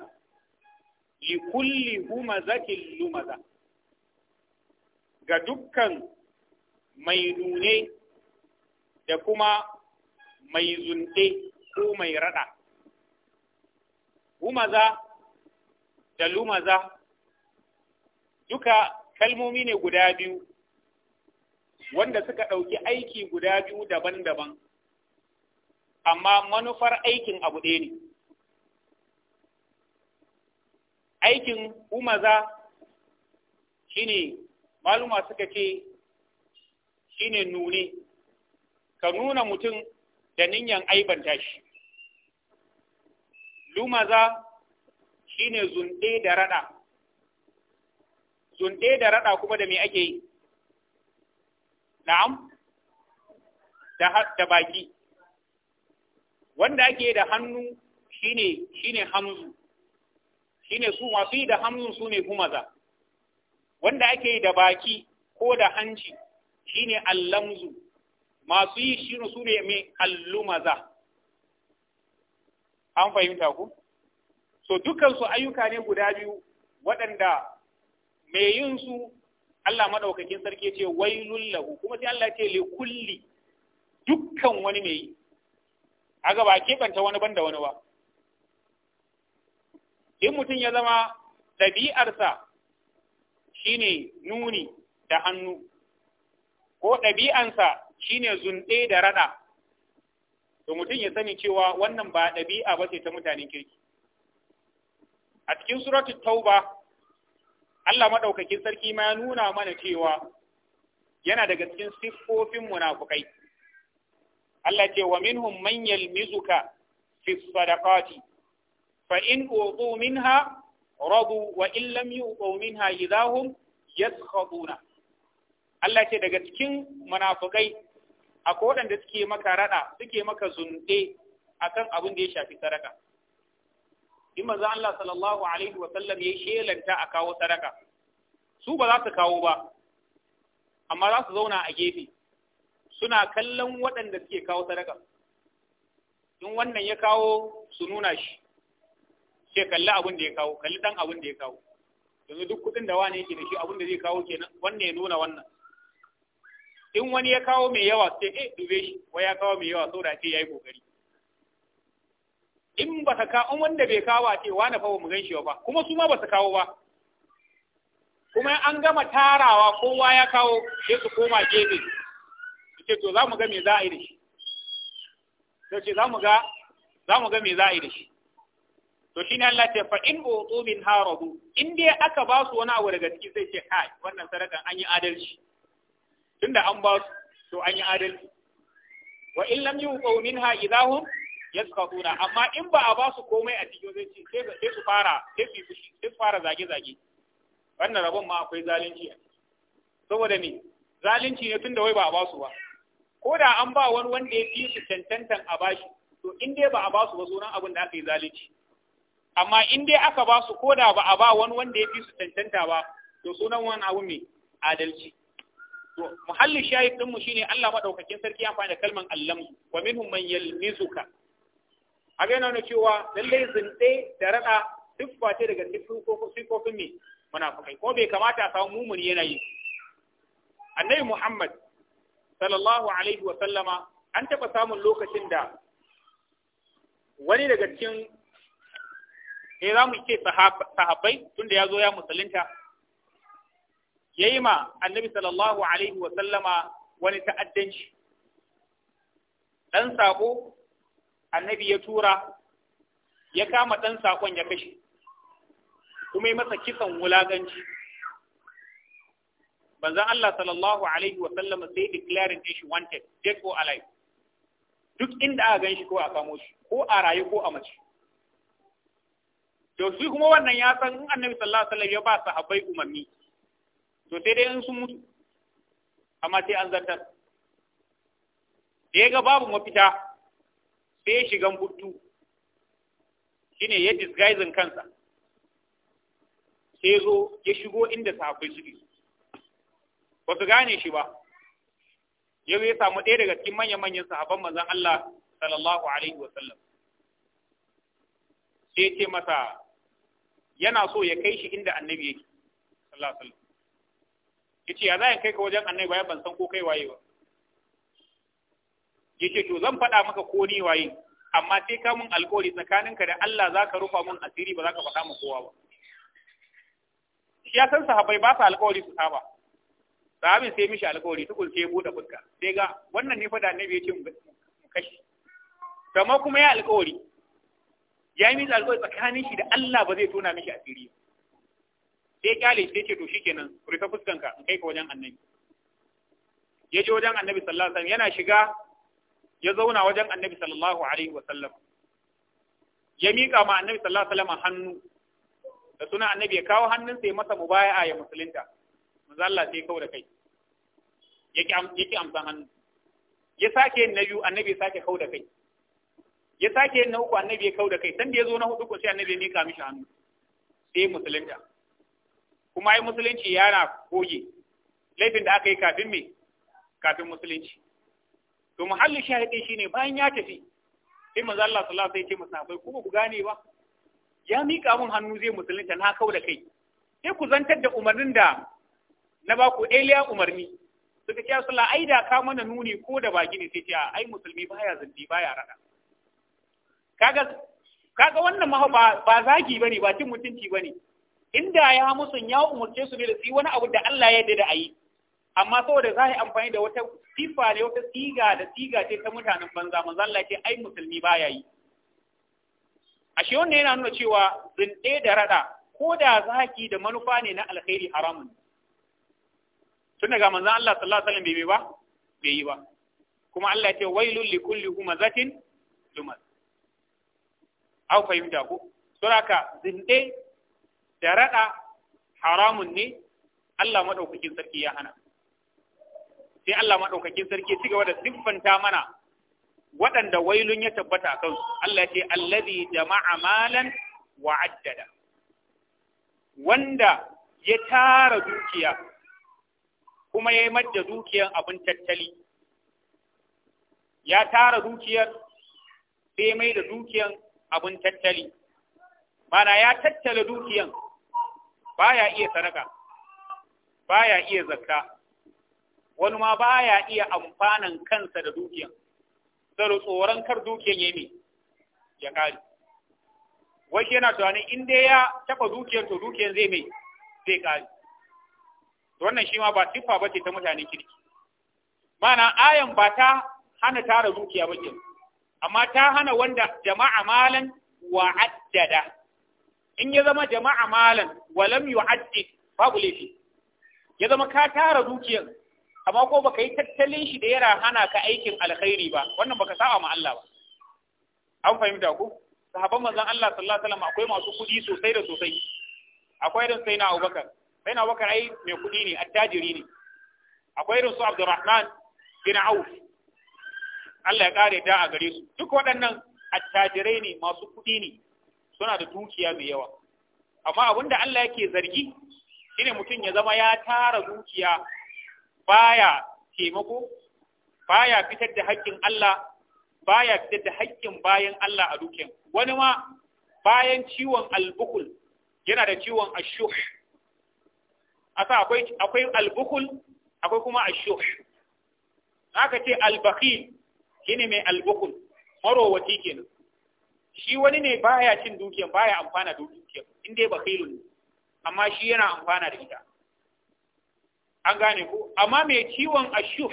li kulli humazatin lumaza ga dukkan mai nune da kuma mai zunde ko mai rada humaza da lumaza duka kalmomi ne guda biyu wanda suka ɗauki aiki guda biyu daban-daban amma manufar aikin abu ɗaya ne aikin umaza shine maluma suka ce shine nune ka nuna mutum da niyan aibanta shi lumaza shine zunɗe da raɗa zunɗe da raɗa kuma da me ake yi na'am da baki wanda ake da hannu shine shine hamzu shine su masu yi da hamzu su ne humaza wanda ake da baki ko da hanci shine allamzu masu yi shi su ne mai allumaza an fahimta ku so dukansu ayyuka ne guda biyu waɗanda mai yin su Allah madaukakin sarki ya ce wailul lahu kuma sai Allah ya ce li kulli dukkan wani mai yi aga ba keɓanta wani banda wani ba in mutum ya zama ɗabi'arsa shine nuni da hannu ko ɗabi'ansa shine zunɗe da raɗa to mutum ya sani cewa wannan ba ɗabi'a ba ce ta mutanen kirki a cikin suratul tauba Allah madaukakin sarki ma ya nuna mana cewa yana daga cikin siffofin munafukai Allah ce wa minhum man yalmizuka fi sadaqati fa in utu minha radu wa in lam yu'tu minha idahum yaskhaduna Allah ce daga cikin munafukai akwai waɗanda suke maka rada suke maka zunde akan abin da ya shafi sadaka in manzo Allah sallallahu alaihi wa sallam yayi shelanta a kawo sadaka su ba za su kawo ba amma za su zauna a gefe suna kallon waɗanda suke kawo sadaka in wannan ya kawo su nuna shi sai kalli abin da ya kawo kalli dan abin da ya kawo yanzu duk kudin da wani yake da shi abin da zai kawo kenan wannan ya nuna wannan in wani ya kawo mai yawa sai eh dube shi wai ya kawo mai yawa saboda ce yayi kokari in ba ka kawo wanda bai kawo a cewa na fa mu gan shi ba kuma su ma ba su kawo ba kuma an gama tarawa kowa ya kawo sai su koma gefe su ce to za mu ga me za a yi da shi to ce za mu ga za mu ga me za a yi da shi to shine Allah ce fa in utu min haradu in dai aka ba su wani abu daga ciki sai ce kai wannan sadakan an yi adalci tunda an ba su to an yi adalci wa in lam yuqu minha idahum yasqatuna amma in ba a ba su komai a cikin zai ce sai su fara sai su fushi sai su fara zage zage wannan rabon ma akwai zalunci a saboda me zalunci ne tunda wai ba a ba su ba ko da an ba wani wanda ya fi su cancantan a bashi to in dai ba a ba su ba sunan abin da aka yi zalunci amma in dai aka ba su ko da ba a ba wani wanda ya fi su cancanta ba to sunan wani abu mai adalci to muhallin shahid din mu shine Allah madaukakin sarki ya fara kalman Allamu. wa minhum man yalmizuka abin yana nuna cewa lallai zinde da rada duk ba ce daga sifofin ne fakai ko bai kamata a samu mumuni yanayi annabi muhammad sallallahu alaihi wa sallama an taɓa samun lokacin da wani daga cikin eh za mu ce sahabbai tunda ya zo ya musulunta ya yi ma annabi sallallahu alaihi wa sallama wani ta'addanci ɗan sabo annabi ya tura ya kama ɗan saƙon ya kashe kuma yi masa kisan wulaganci banzan Allah sallallahu alaihi wasallam sai declaring shi wanted dead or alive duk inda aka gan shi ko a kamo shi ko a rayu ko a mace to shi kuma wannan ya san in annabi sallallahu alaihi wasallam ya ba sahabbai umarni to sai dai in sun mutu amma sai an zartar da ya ga babu mafita sai ya shigan buttu shine ya disguising kansa sai zo ya shigo inda safai suke ba su gane shi ba yau ya samu ɗaya daga cikin manya-manyan sahabban manzon Allah sallallahu alaihi wasallam sai ce masa yana so ya kai shi inda annabi yake sallallahu alaihi wasallam yace ya za ya kai ka wajen annabi bayan ban san ko kai waye ba yace to zan faɗa maka ko ni waye amma sai ka mun alƙawari tsakaninka da Allah zaka rufa mun asiri ba zaka faɗa mu kowa ba ya san sahabbai ba su alƙawari su saba sahabin sai mishi alƙawari tukul sai buɗe fuska sai ga wannan ne faɗa annabi yace mu kashi kamar kuma ya alƙawari ya yi mishi alƙawari tsakanin shi da Allah ba zai tona mishi asiri ba sai kyale sai ce to shikenan rufe fuskanka in kai ka wajen annabi ya je wajen annabi sallallahu alaihi wasallam yana shiga ya zauna wajen annabi sallallahu alaihi wa sallam ya miƙa ma annabi sallallahu alaihi wa sallam hannu da suna annabi ya kawo hannunsa ya masa mubaya'a ya musulunta manzo Allah sai kawo da kai yake yake amsan hannu ya sake yin na annabi ya sake kawo da kai ya sake yin na uku annabi ya kawo da kai sanda ya zo na hudu ko sai annabi ya miƙa mishi hannu sai musulunta kuma ai musulunci yana goge laifin da aka yi kafin me kafin musulunci to muhallin shahidi shine bayan ya tafi sai manzo Allah sallallahu alaihi wasallam sai ce musabai kuma ku gane ba ya mika mun hannu zai musulunta na kawo da kai sai ku zantar da umarnin da na ba ku Eliya eh, umarni suka ce sallah ai da ka mana nuni ko da baki ne sai ce ai musulmi baya zanti baya rada kaga kaga wannan ma ba ba zagi bane ba cin mutunci bane inda ya musun ya umurce su ne da su wani abu da Allah ya yarda da ayi amma saboda za a yi amfani da wata sifa ne wata siga da siga ce ta mutanen banza manzo Allah ce ai musulmi baya yi ashe wannan yana nuna cewa zinde da rada ko da zaki da manufa ne na alkhairi haramun tun daga manzo Allah sallallahu alaihi wasallam bai ba bai yi ba kuma Allah ce wailul likulli humazatin lumaz au fahimta ko suraka zinde da rada haramun ne Allah madaukakin sarki ya hana sai Allah maɗaukakin sarki ci gaba da siffanta mana waɗanda wailun ya tabbata a kansu Allah ce allazi jama'a malan wa addada wanda ya tara dukiya kuma ya yi madda dukiyar abin tattali ya tara dukiyar sai mai da dukiyar abin tattali mana ya tattala dukiyar baya iya sadaka baya iya zakka wani ma ba ya iya amfanan kansa da dukiyan saboda tsoron kar dukiyan ya ne ya kare wasu yana tunanin in dai ya taba dukiyan to dukiyan zai mai zai kare wannan shi ma ba siffa ce ta mutanen kirki mana ayan ba ta hana tara dukiya ba ke amma ta hana wanda jama'a malan wa addada in ya zama jama'a malan wa lam babu laifi ya zama ka tara dukiyan. amma ko baka yi tattalin shi da yana hana ka aikin alkhairi ba wannan baka saba ma Allah ba an fahimta ku sahabban manzon Allah sallallahu alaihi wasallam akwai masu kudi sosai da sosai akwai irin sai na Abubakar sai na Abubakar ai mai kudi ne attajiri ne akwai irin su Abdurrahman bin Auf Allah ya kare da a gare su duk waɗannan attajirai ne masu kudi ne suna da dukiya mai yawa amma abinda Allah yake zargi shine mutum ya zama ya tara dukiya baya taimako baya fitar da haƙƙin Allah baya fitar da haƙƙin bayan Allah a dukiyan wani ma bayan ciwon albukul yana da ciwon ashuh asa akwai akwai albukul akwai kuma ashuh aka ce albakhil shine mai albukul marowati kenan shi wani ne baya cin dukiyan baya amfana da dukiyan in bakhilun amma shi yana amfana da ita an gane ko amma mai ciwon shi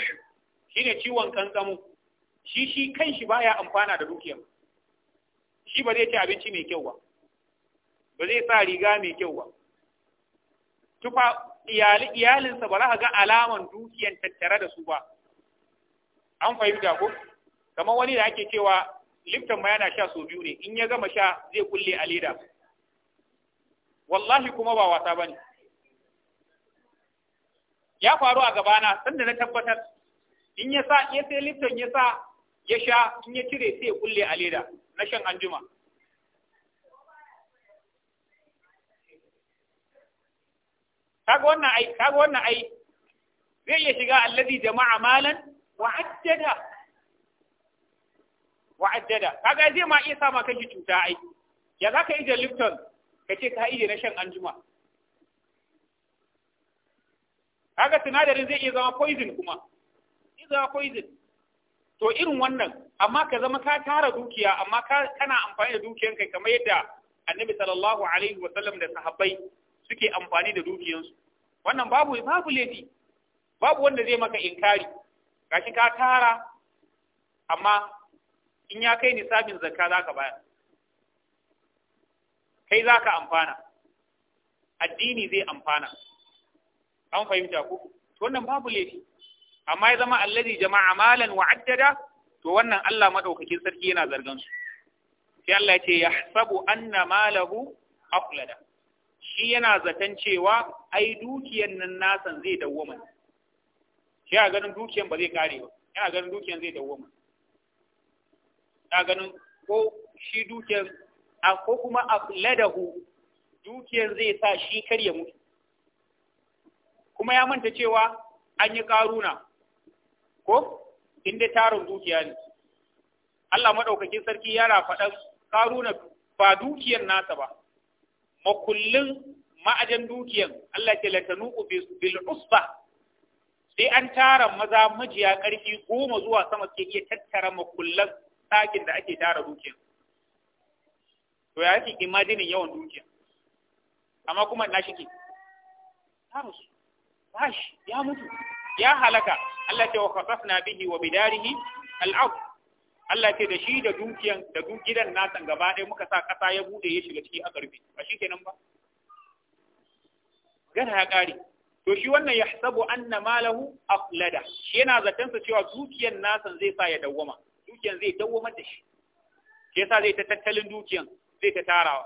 shine ciwon kankamu shi shi kanshi baya amfana da dukiyar shi ba zai ci abinci mai kyau ba ba zai sa riga mai kyau ba tufa iyalinsa ba za ka ga alaman dukiyan tattare da su ba an fahimta ko kamar wani da ake cewa liftan ma yana sha sau biyu ne in ya gama sha zai kulle a leda wallahi kuma ba wasa bane ya faru a gabana sanda na tabbatar in ya sa ya sai lifton ya sa ya sha in ya cire sai ya kulle a leda na shan anjuma kaga wannan ai kaga wannan ai zai iya shiga alladhi jama'a malan wa ajjada wa ajjada kaga zai ma iya sa ma kanki cuta ai ya zaka ije lifton kace ka ije na shan anjuma kaga sinadarin zai iya zama poison kuma zai zama poison to irin wannan amma ka zama ka tara dukiya amma ka kana amfani da dukiyan kai kamar yadda annabi sallallahu alaihi wa sallam da sahabbai suke amfani da dukiyansu wannan babu babu laifi babu wanda zai maka inkari gashi ka tara amma in ya kai nisabin zakka zaka bayar kai zaka amfana addini zai amfana an fahimta ku wannan babu laifi amma ya zama allazi jama'a malan wa addada to wannan Allah madaukakin sarki yana zargan su sai Allah ya ce yahsabu anna malahu aflada shi yana zaton cewa ai dukiyar nan nasan zai dawwama shi a ganin dukiyar ba zai kare ba yana ganin dukiyar zai dawwama ta ganin ko shi dukiyar ko kuma afladahu dukiyar zai sa shi kar ya mutu kuma ya manta cewa an yi karuna ko inda tarin dukiya ne Allah maɗaukakin sarki yana faɗan karuna ba dukiyar nasa ba makullin ma'ajan dukiyan Allah ke latanuku bil usba sai an tara maza majiya ƙarfi goma zuwa sama ke iya tattara makullan ɗakin da ake tara dukiyan to ya yake imajinin yawan dukiya amma kuma na shi ke tarusu fash ya mutu ya halaka Allah ce wa khasafna bihi wa bidarihi al-ard Allah ce da shi da dukiyan da gidan nasan gaba ɗaya muka sa ƙasa ya bude ya shiga ciki a ƙarfi ba shi kenan ba gana ya ƙare to shi wannan ya hasabu anna malahu aflada shi yana zaton sa cewa dukiyan nasan zai sa ya dawwama dukiyan zai dawwama da shi shi yasa zai ta tattalin dukiyan zai ta tarawa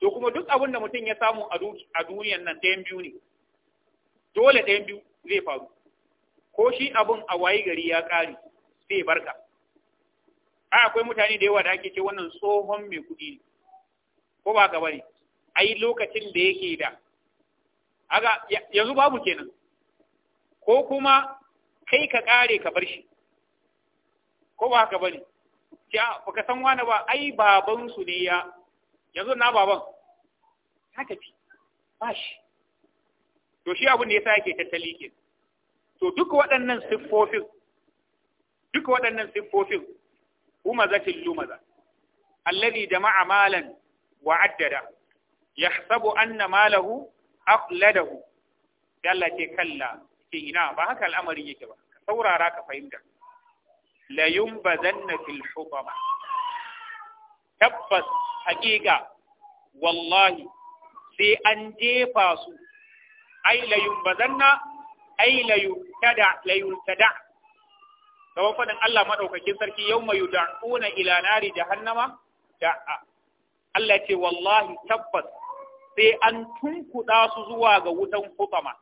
to kuma duk abin da mutum ya samu a duniyan nan ta yan biyu ne dole ɗayan biyu zai faru ko shi abun a wayi gari ya ƙare sai barka a akwai mutane da yawa da ake ce wannan tsohon mai kuɗi ko ba ka a yi lokacin da yake da aga yanzu babu kenan ko kuma kai ka ƙare ka bar shi ko ba ka bane ya baka san wani ba ai babansu ne ya yanzu na baban ya tafi ba shi to shi abin da sa yake tattali ke to duk waɗannan siffofin duka waɗannan siffofin humazatil lumaza alladhi jama'a malan wa addada yahsabu anna malahu akhladahu Allah ke kalla ke ina ba haka al'amarin yake ba ka saurara ka fahimta la yumbazanna fil hutama tabbas haƙiƙa wallahi sai an jefa su ai la yumbazanna ai la yutada la yutada kawo fadin Allah maɗaukakin sarki yawma yud'una ila nari jahannama da'a Allah ce wallahi tabbas sai an tunkuda su zuwa ga wutan hutama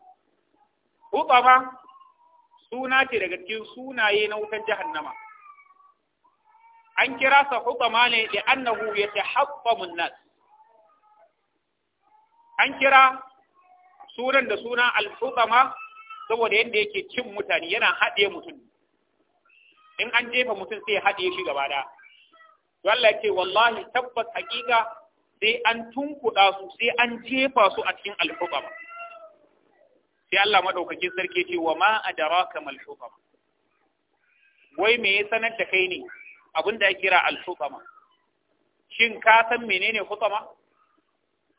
hutama suna ce daga cikin sunaye na wutan jahannama an kira sa hutama ne da annahu yatahabbamu nas an kira sunan da suna al-hukama saboda yadda yake cin mutane yana haɗe mutum in an jefa mutum sai haɗe shi gaba da Allah ce wallahi tabbas hakika sai an tunkuɗa su sai an jefa su a cikin al-hukama sai Allah madaukakin sarki ce wa ma adraka mal hukama wai me ya sanar da kai ne abin da ya kira al-hukama shin ka san menene hukama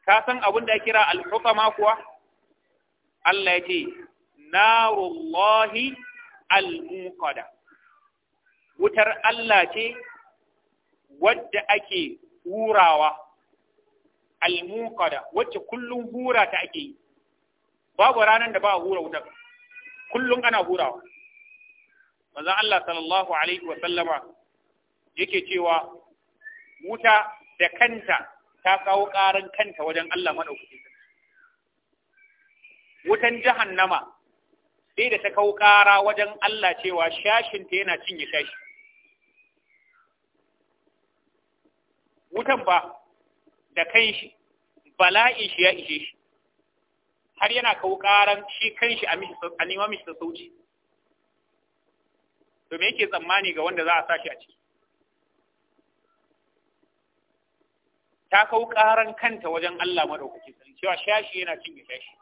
ka san abin da ya kira al-hukama kuwa Allah ya ce narullahi al wutar Allah ce wadda ake hurawa al wacce kullum hura ta ake yi babu ranar da ba a hura wutar kullum ana hurawa manzon Allah sallallahu alaihi wa sallama yake cewa wuta da kanta ta kawo ƙarin kanta wajen Allah madaukakin wutan jahannama sai da ta kawo ƙara wajen Allah cewa shashinta yana cinye shashi wutan ba da kan shi bala'in shi ya ishe shi har yana kawo ƙaran shi kan shi a nema mishi ta sauci to me yake tsammani ga wanda za a sashi a ciki ta kawo ƙaran kanta wajen Allah maɗaukaki cewa shashi yana cinye shashi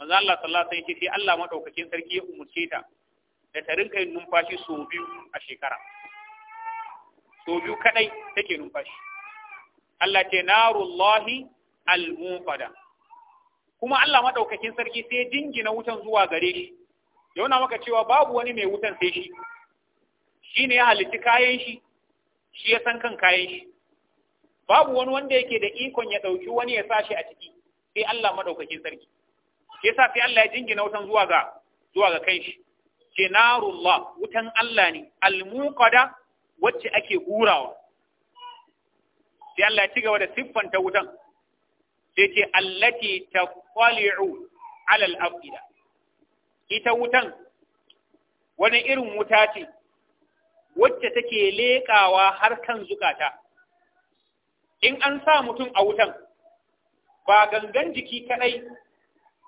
manzo Allah sallallahu alaihi wasallam sai Allah madaukakin sarki ya umurce ta da ta rinka yin numfashi sau biyu a shekara sau biyu kadai take numfashi Allah ce narullahi al kuma Allah madaukakin sarki sai dingina wutan zuwa gare shi ya maka cewa babu wani mai wutan sai shi shi ya halitta kayan shi shi ya san kan kayan shi babu wani wanda yake da ikon ya ɗauki wani ya sa shi a ciki sai Allah madaukakin sarki shi yasa sai Allah ya jingina wutan zuwa ga zuwa ga kanshi ke narullah wutan Allah ne almuqada wacce ake hurawa sai Allah ya ci gaba da siffanta wutan sai ce allati taqali'u ala al-afida ita wutan wani irin wuta ce wacce take leƙawa har kan zukata in an sa mutum a wutan ba gangan jiki kadai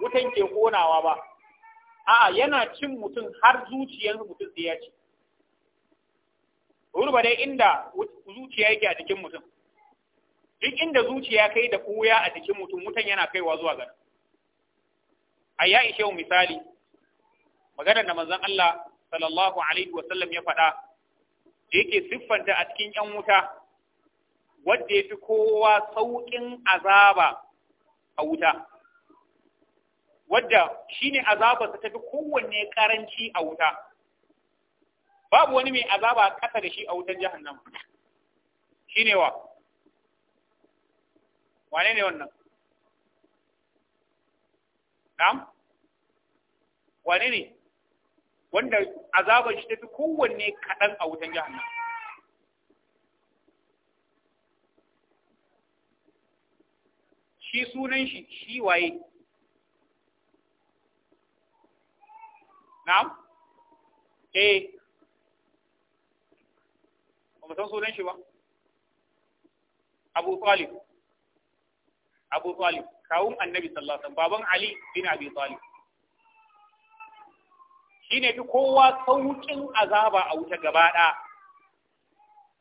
wutan ke konawa ba a'a yana cin mutum har zuciyar mutum sai ya ci ruba dai inda zuciya yake a jikin mutum duk inda zuciya kai da koya a jikin mutum mutum yana kaiwa zuwa gari a ya ishe misali maganar da manzon Allah sallallahu alaihi wa sallam ya faɗa da yake siffanta a cikin yan wuta wadda ya fi kowa sauƙin azaba a wuta wadda shi shine azabarsa fi kowanne karanci a wuta babu wani mai azaba kasa da shi a wutan Shi ne wa wane ne wannan Nam? wane ne wanda azabar shi tafi kowanne kaɗan a wutan jahannan? shi sunan shi shi waye na'am eh ba san sunan shi ba Abu Talib Abu Talib kawun Annabi sallallahu alaihi wasallam baban Ali bin Abi Talib shine fi kowa saukin azaba a wuta gaba da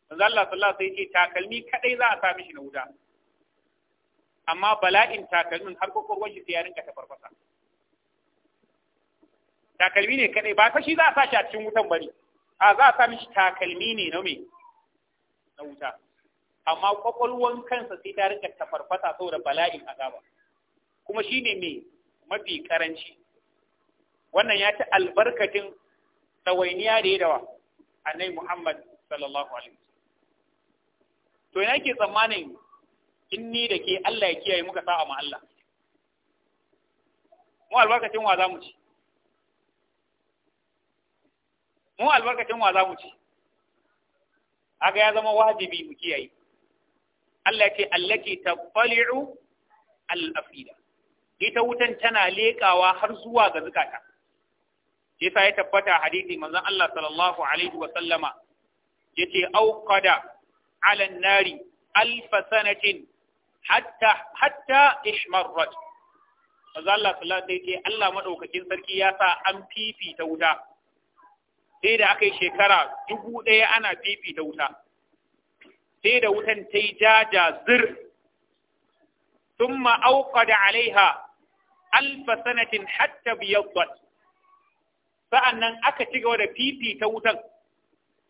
manzo Allah sallallahu alaihi wasallam takalmi kadai za a sa mishi na wuta amma bala'in takalmin har kokorwar shi sai ya rinka tafarfasa takalmi ne kadai ba fa za a sa shi a cikin wutan bari a za a sa mishi takalmi ne na me na wuta amma kwakwalwan kansa sai ta rika tafarfata saboda bala'in azaba kuma shi ne mai mafi karanci wannan ya ci albarkatin tsawainiya da ya dawa annabi Muhammad sallallahu alaihi to ya ke tsammanin in ni da ke Allah ya kiyaye muka sa'a ma Allah mu albarkacin wa za mu ci mu albarkacin wa za mu ci aga ya zama wajibi mu kiyaye Allah ya ce allati tafali'u al-afida ita wutan tana lekawa har zuwa ga zukata yasa ya tabbata hadisi manzon Allah sallallahu alaihi wa sallama yace auqada ala an-nari alf sanatin hatta hatta ishmarrat manzon Allah sallallahu alaihi Allah madaukakin sarki ya sa an fifita wuta sai da aka yi shekara dubu ɗaya ana fifita wuta sai da wutan ta yi jaja zir sun ma'auka ثم أوقد عليها ألف سنة حتى بيضت nan aka ci gaba da fifita wutan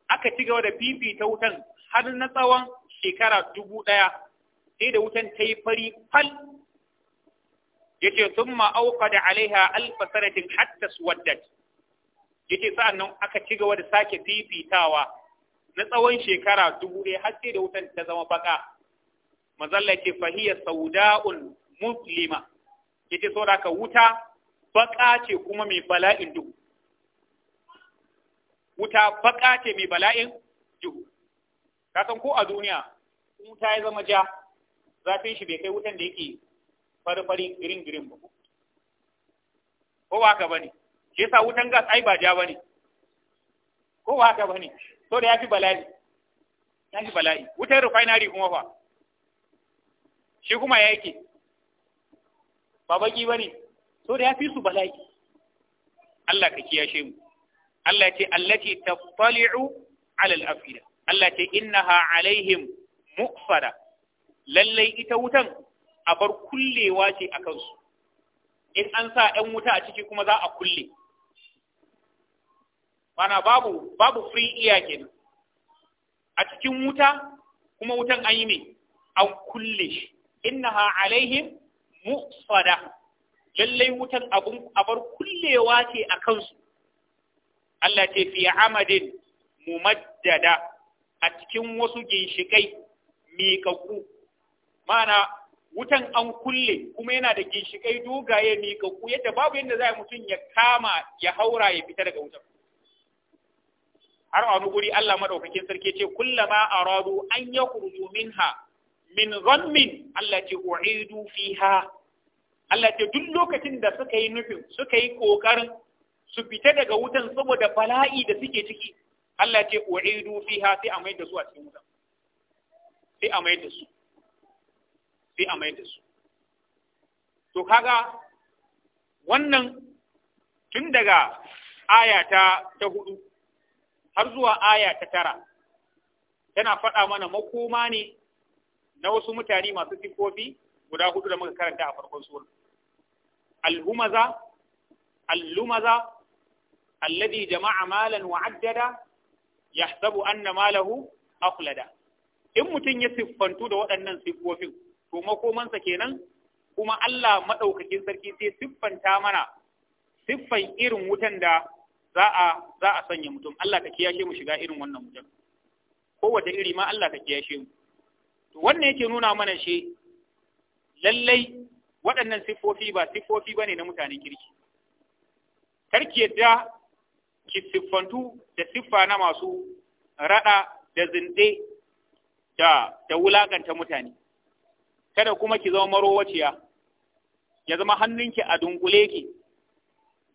aka ci gaba da fifita wutan har na tsawon shekara dubu ɗaya sai da wutan ta yi fari fal ya ce sun ma'auka da alaiha alfa sanatin hatta suwaddat yake sa'an nan aka ci gaba da sake fifitawa na tsawon shekara dubu ɗaya har sai da wutan ta zama baka mazalla ce fahiyar sauda'un muslima yace da ka wuta baka ce kuma mai bala'in duhu wuta baka ce mai bala'in duhu ka san ko a duniya wuta ya zama ja zafin shi bai kai wutan da yake fari-fari girin-girin ba ko ba ka bane shi yasa wutan gas ai ba ja bane ko ba haka bane to da yafi bala'i yafi bala'i wutar refinery kuma fa shi kuma ya yake ba baki bane to da yafi su bala'i Allah ka kiyashe mu Allah ya ce allati tattali'u ala al-afida Allah ya ce innaha alaihim mu'fada lallai ita wutan a bar kullewa ce a kansu in an sa ‘yan wuta a ciki kuma za a kulle mana babu babu free iya kenan a cikin wuta kuma wutan an yi ne an kulle shi innaha alaihim mu'sada lallai wutan abun abar kullewa ce a kansu Allah ce fi amadin mumaddada a cikin wasu ginshikai miƙaƙƙu. mana wutan an kulle kuma yana da ginshikai dogaye miƙaƙu yadda babu yadda za mutum ya kama ya haura ya fita daga wutan har a wani guri Allah madaukakin sarki ce kullama aradu an yakhruju minha min zammin Allah ce u'idu fiha Allah ce duk lokacin da suka yi nufin suka yi kokarin su fita daga wutan saboda bala'i da suke ciki Allah ce u'idu fiha sai a mai da su a cikin wutan sai a mai da su sai a mai da su to kaga wannan tun daga aya ta ta hudu har zuwa aya ta tara tana faɗa mana makoma ne na wasu mutane masu sifofi guda hudu da muka karanta a farkon sura alhumaza allumaza alladhi jama'a malan wa addada yahsabu anna malahu akhlada in mutum ya siffantu da waɗannan siffofin to makomansa kenan kuma Allah maɗaukakin sarki sai siffanta mana siffan irin wutan da za a sanya mutum Allah ka kiyashe mu shiga irin wannan mutum kowace iri ma Allah ka kiyashe mu to wannan yake nuna mana shi lallai waɗannan siffofi ba siffofi bane na mutanen kirki karki yadda ki siffantu da siffa na masu rada da zinde da da wulakanta mutane kada kuma ki zama marowaciya ya zama hannunki a dunkule ki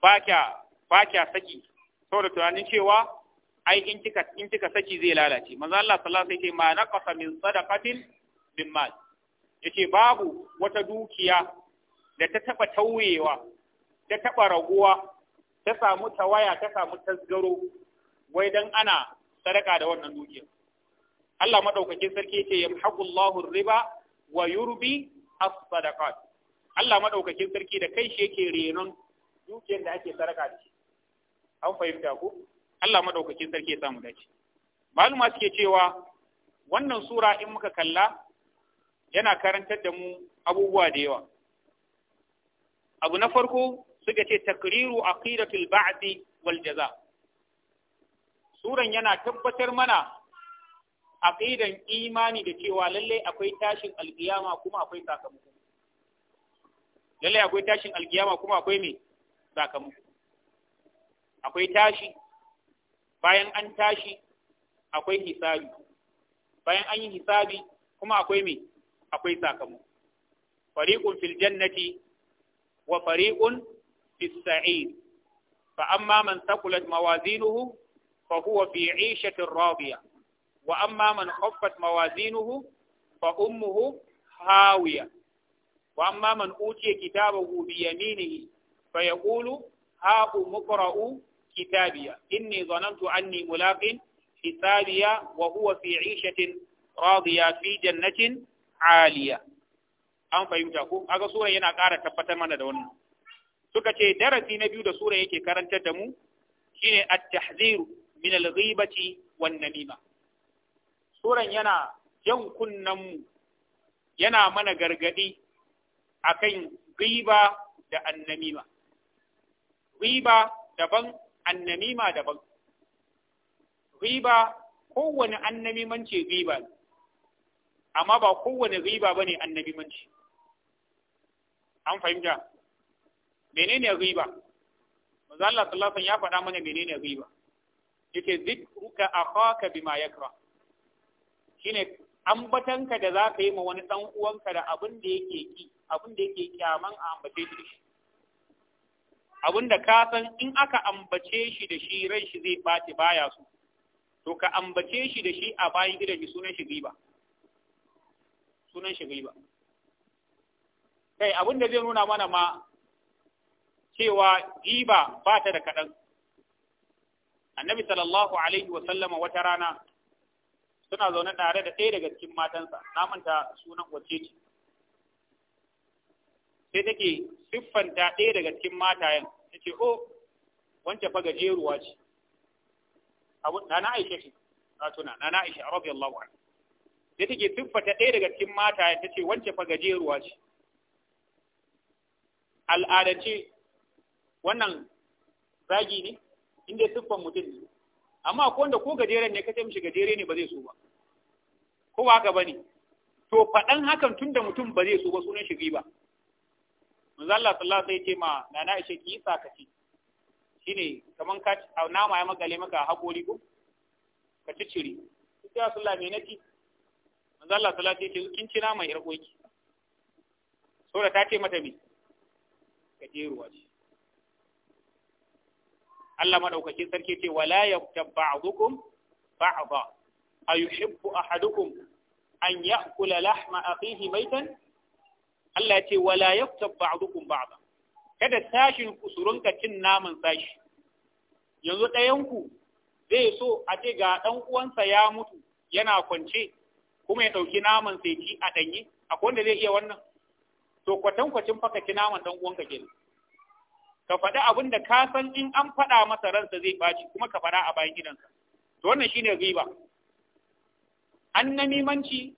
ba kya ba kya saki saboda tunanin cewa ai in kika in kika saki zai lalace manzo Allah sallallahu alaihi wasallam ma naqasa min sadaqatin min mal yace babu wata dukiya da ta taba tauyewa ta taba raguwa ta samu tawaya ta samu tasgaro wai dan ana sadaka da wannan dukiya Allah madaukakin sarki yace yamhaqullahu riba wa yurbi as-sadaqat Allah madaukakin sarki da kai shi yake renon dukiyar da ake sadaka da shi an fahimta ko Allah madaukakin sarki ya samu dace maluma suke cewa wannan sura in muka kalla yana karantar da mu abubuwa da yawa abu na farko suka ce takriru aqidatul ba'di wal jaza suran yana tabbatar mana aqidan imani da cewa lalle akwai tashin alkiyama kuma akwai sakamako lalle akwai tashin alkiyama kuma akwai me sakamako akwai tashi bayan an tashi akwai hisabi bayan an yi hisabi kuma akwai me akwai sakamako fariqun fil jannati wa fariqun fis sa'ir fa amma man thaqulat mawazinuhu fa huwa fi 'ishatin radiya wa amma man khaffat mawazinuhu fa ummuhu hawiya wa amma man utiya kitabahu bi yaminihi fa yaqulu ha'u muqra'u kitabiya inni zanen anni mulaqin hisabiya wa huwa fi 'ishatin radiya fi jannatin an fahimta ko aga sura yana ƙara tabbatar mana da wannan suka ce darasi na biyu da sura yake karantar da mu shine at minal min al-ghibati wan namima suran yana jan kunnan mu yana mana gargadi akan ghiba da annamima riba daban annamima daban riba kowane annamimanci riba ne amma ba kowane riba bane annabimanci an fahimta menene riba manzo Allah sallallahu alaihi ya faɗa mana menene riba yake zikruka akhaka bima yakra shine ambatanka da zaka yi ma wani dan uwanka da abin da yake ki abin da yake kyaman a ambace shi abinda ka san in aka ambace shi da shi ran shi zai ɓaci baya su to ka ambace shi da shi a bayan gidan shi sunan shi riba sunan shi riba kai abinda zai nuna mana ma cewa riba ba ta da kaɗan annabi sallallahu alaihi wa sallama wata rana suna zaune tare da ɗaya daga cikin matansa na manta sunan wacce sai take siffanta ɗaya daga cikin matayen ta ce o oh, wancan fa gajeruwa ce na na aisha shi na tuna na na aisha rabbi Allah wa sai take siffanta ɗaya daga cikin matayen ta ce wancan fa gajeruwa ce al'adance wannan zagi ne inda siffan mutum ne amma ko wanda ko gajeren ne kace mishi gajere ne ba zai so ba ko ba haka bane to faɗan hakan tunda mutum ba zai so ba sunan shi riba manzo Allah sallallahu alaihi wasallam ya ce ma nana ishe ki yi sakaci shine kaman ka nama ya magale maka hakori ko ka ci cire sai ya sallah me nake manzo Allah sallallahu alaihi wasallam ya ce kin ci nama yar koki ta ce mata bi ka je ruwa shi. Allah madaukakin sarki ce wala yaktab ba'dukum ba'da ayuhibbu ahadukum an ya'kula lahma akhihi maitan Allah ya ce wala yaktab ba'dukum ba'da kada tashin ku surunka cin naman sashi yanzu ɗayanku zai so a ce ga ɗan uwansa ya mutu yana kwance kuma ya ɗauki naman sai ci a ɗanye akwai wanda zai iya wannan to kwatan kwacin faka ci naman ɗan uwanka kenan ka faɗi abinda ka san in an faɗa masa ransa zai baci kuma ka faɗa a bayan gidansa to wannan shine riba an namimanci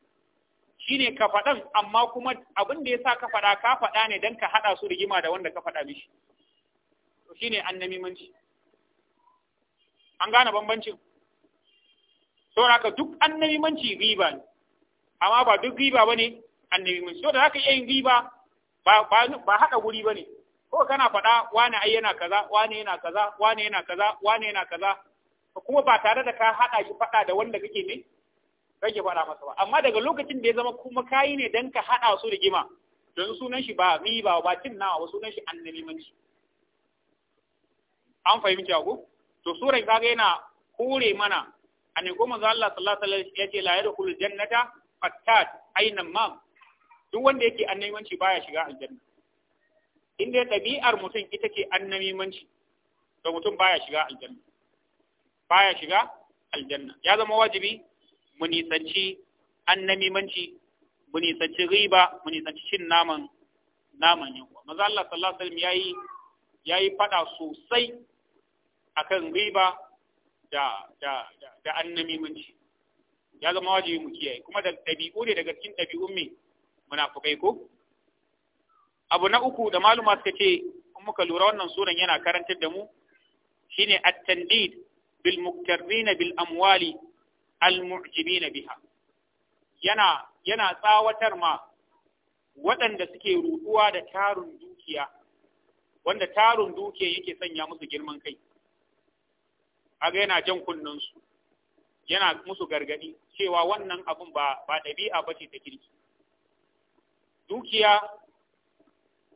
Shi ne ka faɗan amma kuma abin da ya sa ka faɗa ka faɗa ne don ka haɗa su rigima da wanda ka faɗa mishi to ne annamimanci an gane bambancin saboda haka duk annabimanci riba ne amma ba duk riba ba bane annabimanci saboda haka yin riba ba haɗa guri ne? ko kana faɗa wane ai yana kaza wane yana kaza wane yana kaza wani yana kaza kuma ba tare da ka haɗa shi faɗa da wanda kake ne rage faɗa masa ba amma daga lokacin da ya zama kuma kayi ne dan ka haɗa su rigima don sunan shi ba riba ba cin nawa ba sunan shi annalimanci an fahimci ku? to surai kaga yana kore mana a ne manzo Allah sallallahu alaihi ya ce la yadkhulul jannata fattat ainan ma duk wanda yake annamimanci baya shiga aljanna Inda tabi'ar ɗabi'ar mutum ita ce annamimanci to mutum baya shiga aljanna baya shiga aljanna ya zama wajibi Munisanci nisanci annamimanci munisanci riba munisanci cin naman naman maza Allah sallallahu alaihi wasallam yayi yayi fada sosai akan riba da da da, da ya zama wajibi mu kiyaye kuma da dabi'u ne daga cikin dabi'un me kai ko abu na uku da maluma suka ce in muka lura wannan suran yana karantar da mu shine at-tandid bil muktarrina bil amwali almu'jibina biha yana yana tsawatar ma waɗanda suke ruɗuwa da tarun dukiya wanda tarun dukiya yake sanya musu girman kai aga yana jan su, yana musu gargadi cewa wannan abun ba ba ɗabi'a ba ce ta kirki dukiya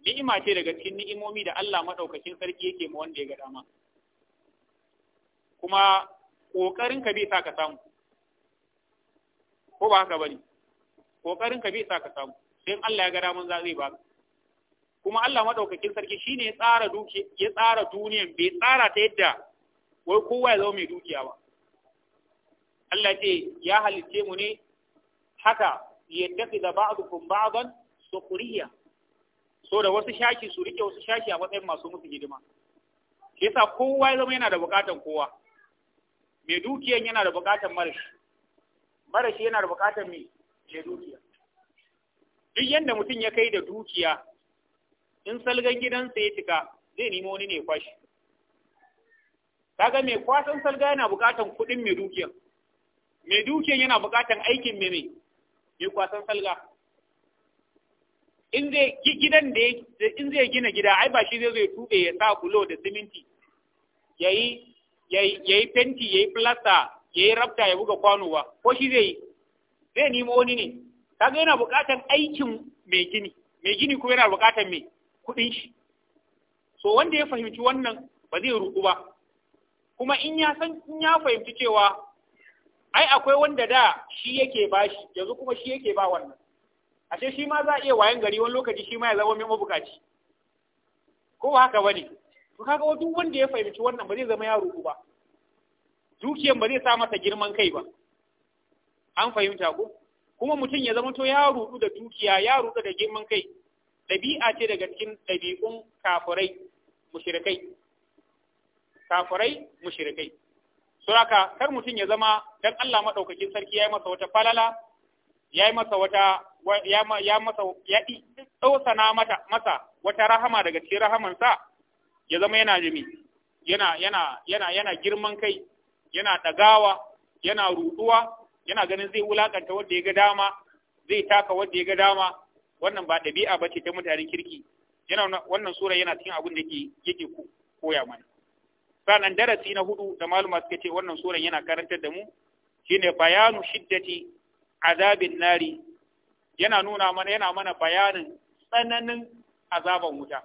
ni'ima ce daga cikin ni'imomi da Allah maɗaukakin sarki yake ma wanda ya ga dama kuma ƙoƙarin ka bai sa ka samu ko ba haka bane kokarin ka bai sa ka samu sai Allah ya ga daman za zai baka kuma Allah madaukakin sarki shine ya tsara duki ya tsara duniyan bai tsara ta yadda wai kowa ya zama mai dukiya ba Allah ce ya halitte mu ne haka yattaki da ba'dukum ba'dan sukhriya so da wasu shaki su rike wasu shaki a matsayin masu musu hidima yasa kowa ya zama yana da bukatan kowa mai dukiyan yana da bukatan marashi shi yana da bukatar mai da dukiya duk yadda mutum ya kai da dukiya in salgan gidansa ya cika zai nemo wani ne kwashi kaga mai kwasan salga yana bukatan kuɗin mai dukiyan mai dukiyan yana bukatan aikin mai mai mai kwasan salga in zai gidan da in zai gina gida ai ba shi zai zai tube ya sa kulo da siminti yayi yayi fenti yayi plasta ya yi rabta ya buga kwano ba ko shi zai yi zai nemo wani ne kaga yana buƙatar aikin mai gini mai gini kuma yana buƙatar mai kuɗin shi so wanda ya fahimci wannan ba zai ruku ba kuma in ya san in ya fahimci cewa ai akwai wanda da shi yake ba shi yanzu kuma shi yake ba wannan ashe shi ma za a iya wayan gari wani lokaci shi ma ya zama mai mabukaci ko haka bane to kaga duk wanda ya fahimci wannan ba zai zama ya ruku ba dukiyan ba zai sa masa girman kai ba an fahimta ko kuma mutum ya zama to ya rudu da dukiya ya rudu da girman kai ɗabi'a ce daga cikin ɗabi'un kafurai mushrikai Kafurai mushrikai suraka kar mutum ya zama dan Allah maɗaukakin sarki yayi masa wata falala yayi masa wata ya ya masa ya mata masa wata rahama daga cikin rahamansa ya zama yana jimi yana yana yana yana girman kai yana ɗagawa yana ruɗuwa yana ganin zai wulakanta wanda ya ga dama zai taka wanda ya ga dama wannan ba ɗabi'a ba ce ta mutanen kirki yana wannan sura yana cikin abin da yake koya mana sannan darasi na hudu da maluma suka ce wannan sura yana karantar da mu shine bayanu shiddati azabin nari yana nuna mana yana mana bayanin tsananin azaban wuta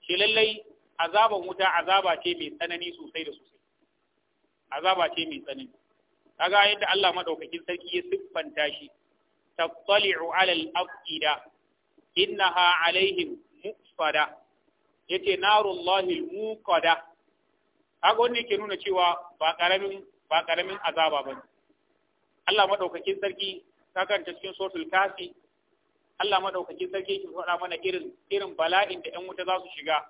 shi lallai azaban wuta azaba ce mai tsanani sosai da sosai azaba ce mai tsanani kaga yadda Allah madaukakin sarki ya siffanta shi 'ala alal afida innaha 'alayhim muqsada yace narullahi al-muqada kaga wannan yake nuna cewa ba karamin ba karamin azaba bane Allah madaukakin sarki ta cikin suratul kafi Allah madaukakin sarki yake faɗa mana irin irin bala'in da ƴan wuta za su shiga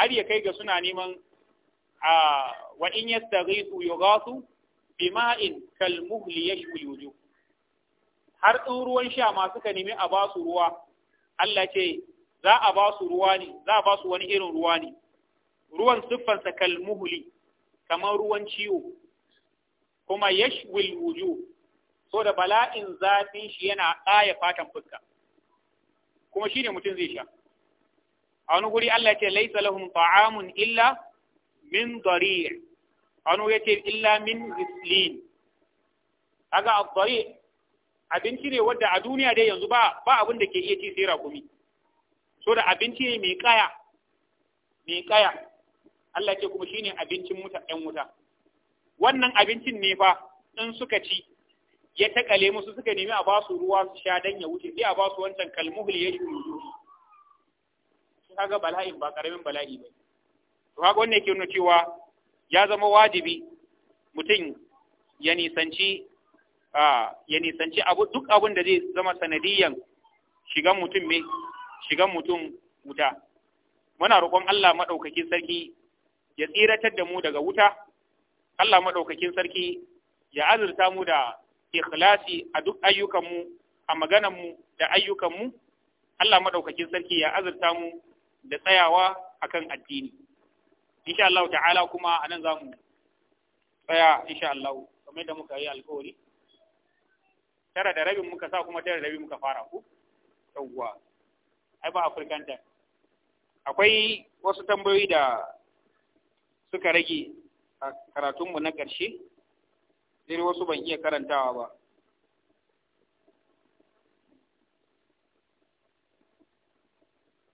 har ya kai ga suna neman wa in yastaghithu yughathu bima'in kalmuhli yashwi wujuh har in ruwan sha ma suka nemi a ba su ruwa Allah ce za a ba su ruwa ne za a ba su wani irin ruwa ne ruwan sa kalmuhli kamar ruwan ciwo kuma yashwi wujuh so da bala'in zafin shi yana ƙaya fatan fuska kuma shine mutum zai sha a wani guri Allah ce laisa lahum ta'amun illa min dari ya ce illa min islin aga abdari abinci ne wadda a duniya dai yanzu ba ba abin da ke iya ci sai rakumi so da abinci ne mai kaya mai kaya Allah ce kuma shine abincin muta ɗan wuta wannan abincin ne fa in suka ci ya takale musu suka nemi a basu ruwa su sha dan ya wuce sai a basu wancan kalmuhul ya shi kaga bala'in ba karamin bala'i ba to haka wannan yake nuna cewa ya zama wajibi mutum ya nisanci ya nisanci duk abin da zai zama sanadiyan shigan mutum me shigan mutum wuta muna roƙon Allah maɗaukakin sarki ya tsiratar da mu daga wuta Allah maɗaukakin sarki ya azurta mu da ikhlasi a duk ayyukanmu a maganarmu da ayyukanmu Allah maɗaukakin sarki ya azurta mu da tsayawa akan addini insha Allah ta'ala kuma anan za mu tsaya insha Allah kamar da muka yi alƙawari tara da rabin muka sa kuma tara da rabin muka fara ku yawwa ai ba African time akwai wasu tambayoyi da suka rage a karatunmu na ƙarshe sai wasu ban iya karantawa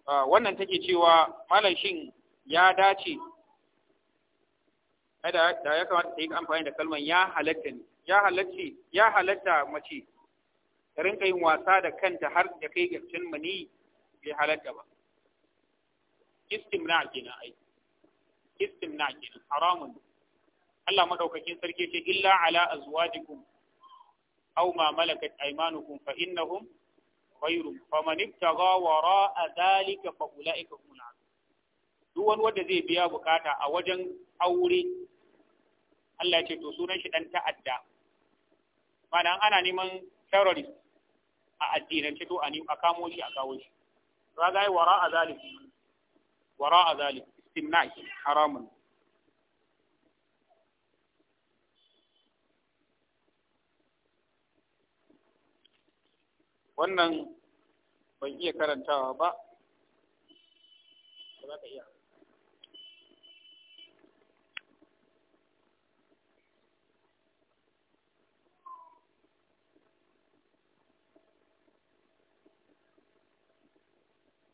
ba ah, wannan take cewa malam shin ya dace da ya kamata ta yi amfani da kalman ya halatta ne ya halacci ya halatta mace ta rinka yin wasa da kanta har da kai gabcin mani bai halatta ba istimna kenan ai istimna kenan haramun Allah madaukakin sarki ce illa ala azwajikum aw ma malakat aymanukum fa innahum ghayrum faman ibtagha wara'a dhalika fa ulaika humul duk wani wanda zai biya bukata a wajen aure Allah ce to sunan shi dan ta'adda ma'ana ana neman terrorist a addinance to a kamo shi a kawo shi ga yi wara a zalik wara a zalik istimna haramun wannan ban iya karantawa ba ba za ka iya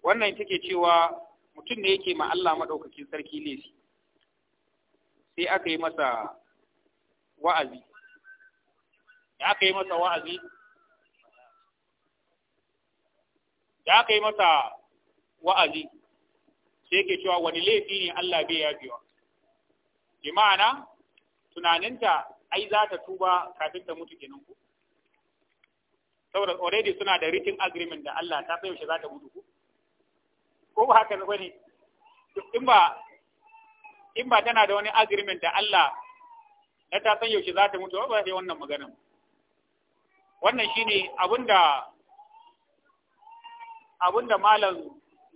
wannan take cewa mutum ne yake ma Allah maɗaukakin sarki laifi sai aka yi masa wa'azi da aka yi masa wa'azi da aka yi masa wa'azi sai yake cewa wani laifi ne Allah bai yafewa bi ma'ana tunaninta ai za ta tuba kafin ta mutu kenan ku saboda already suna da written agreement da Allah ta sai shi za ta mutu ku ko ba haka ba ne in ba in ba tana da wani agreement da Allah na ta san yaushe za ta mutu ba sai wannan maganan wannan shine abinda abinda malam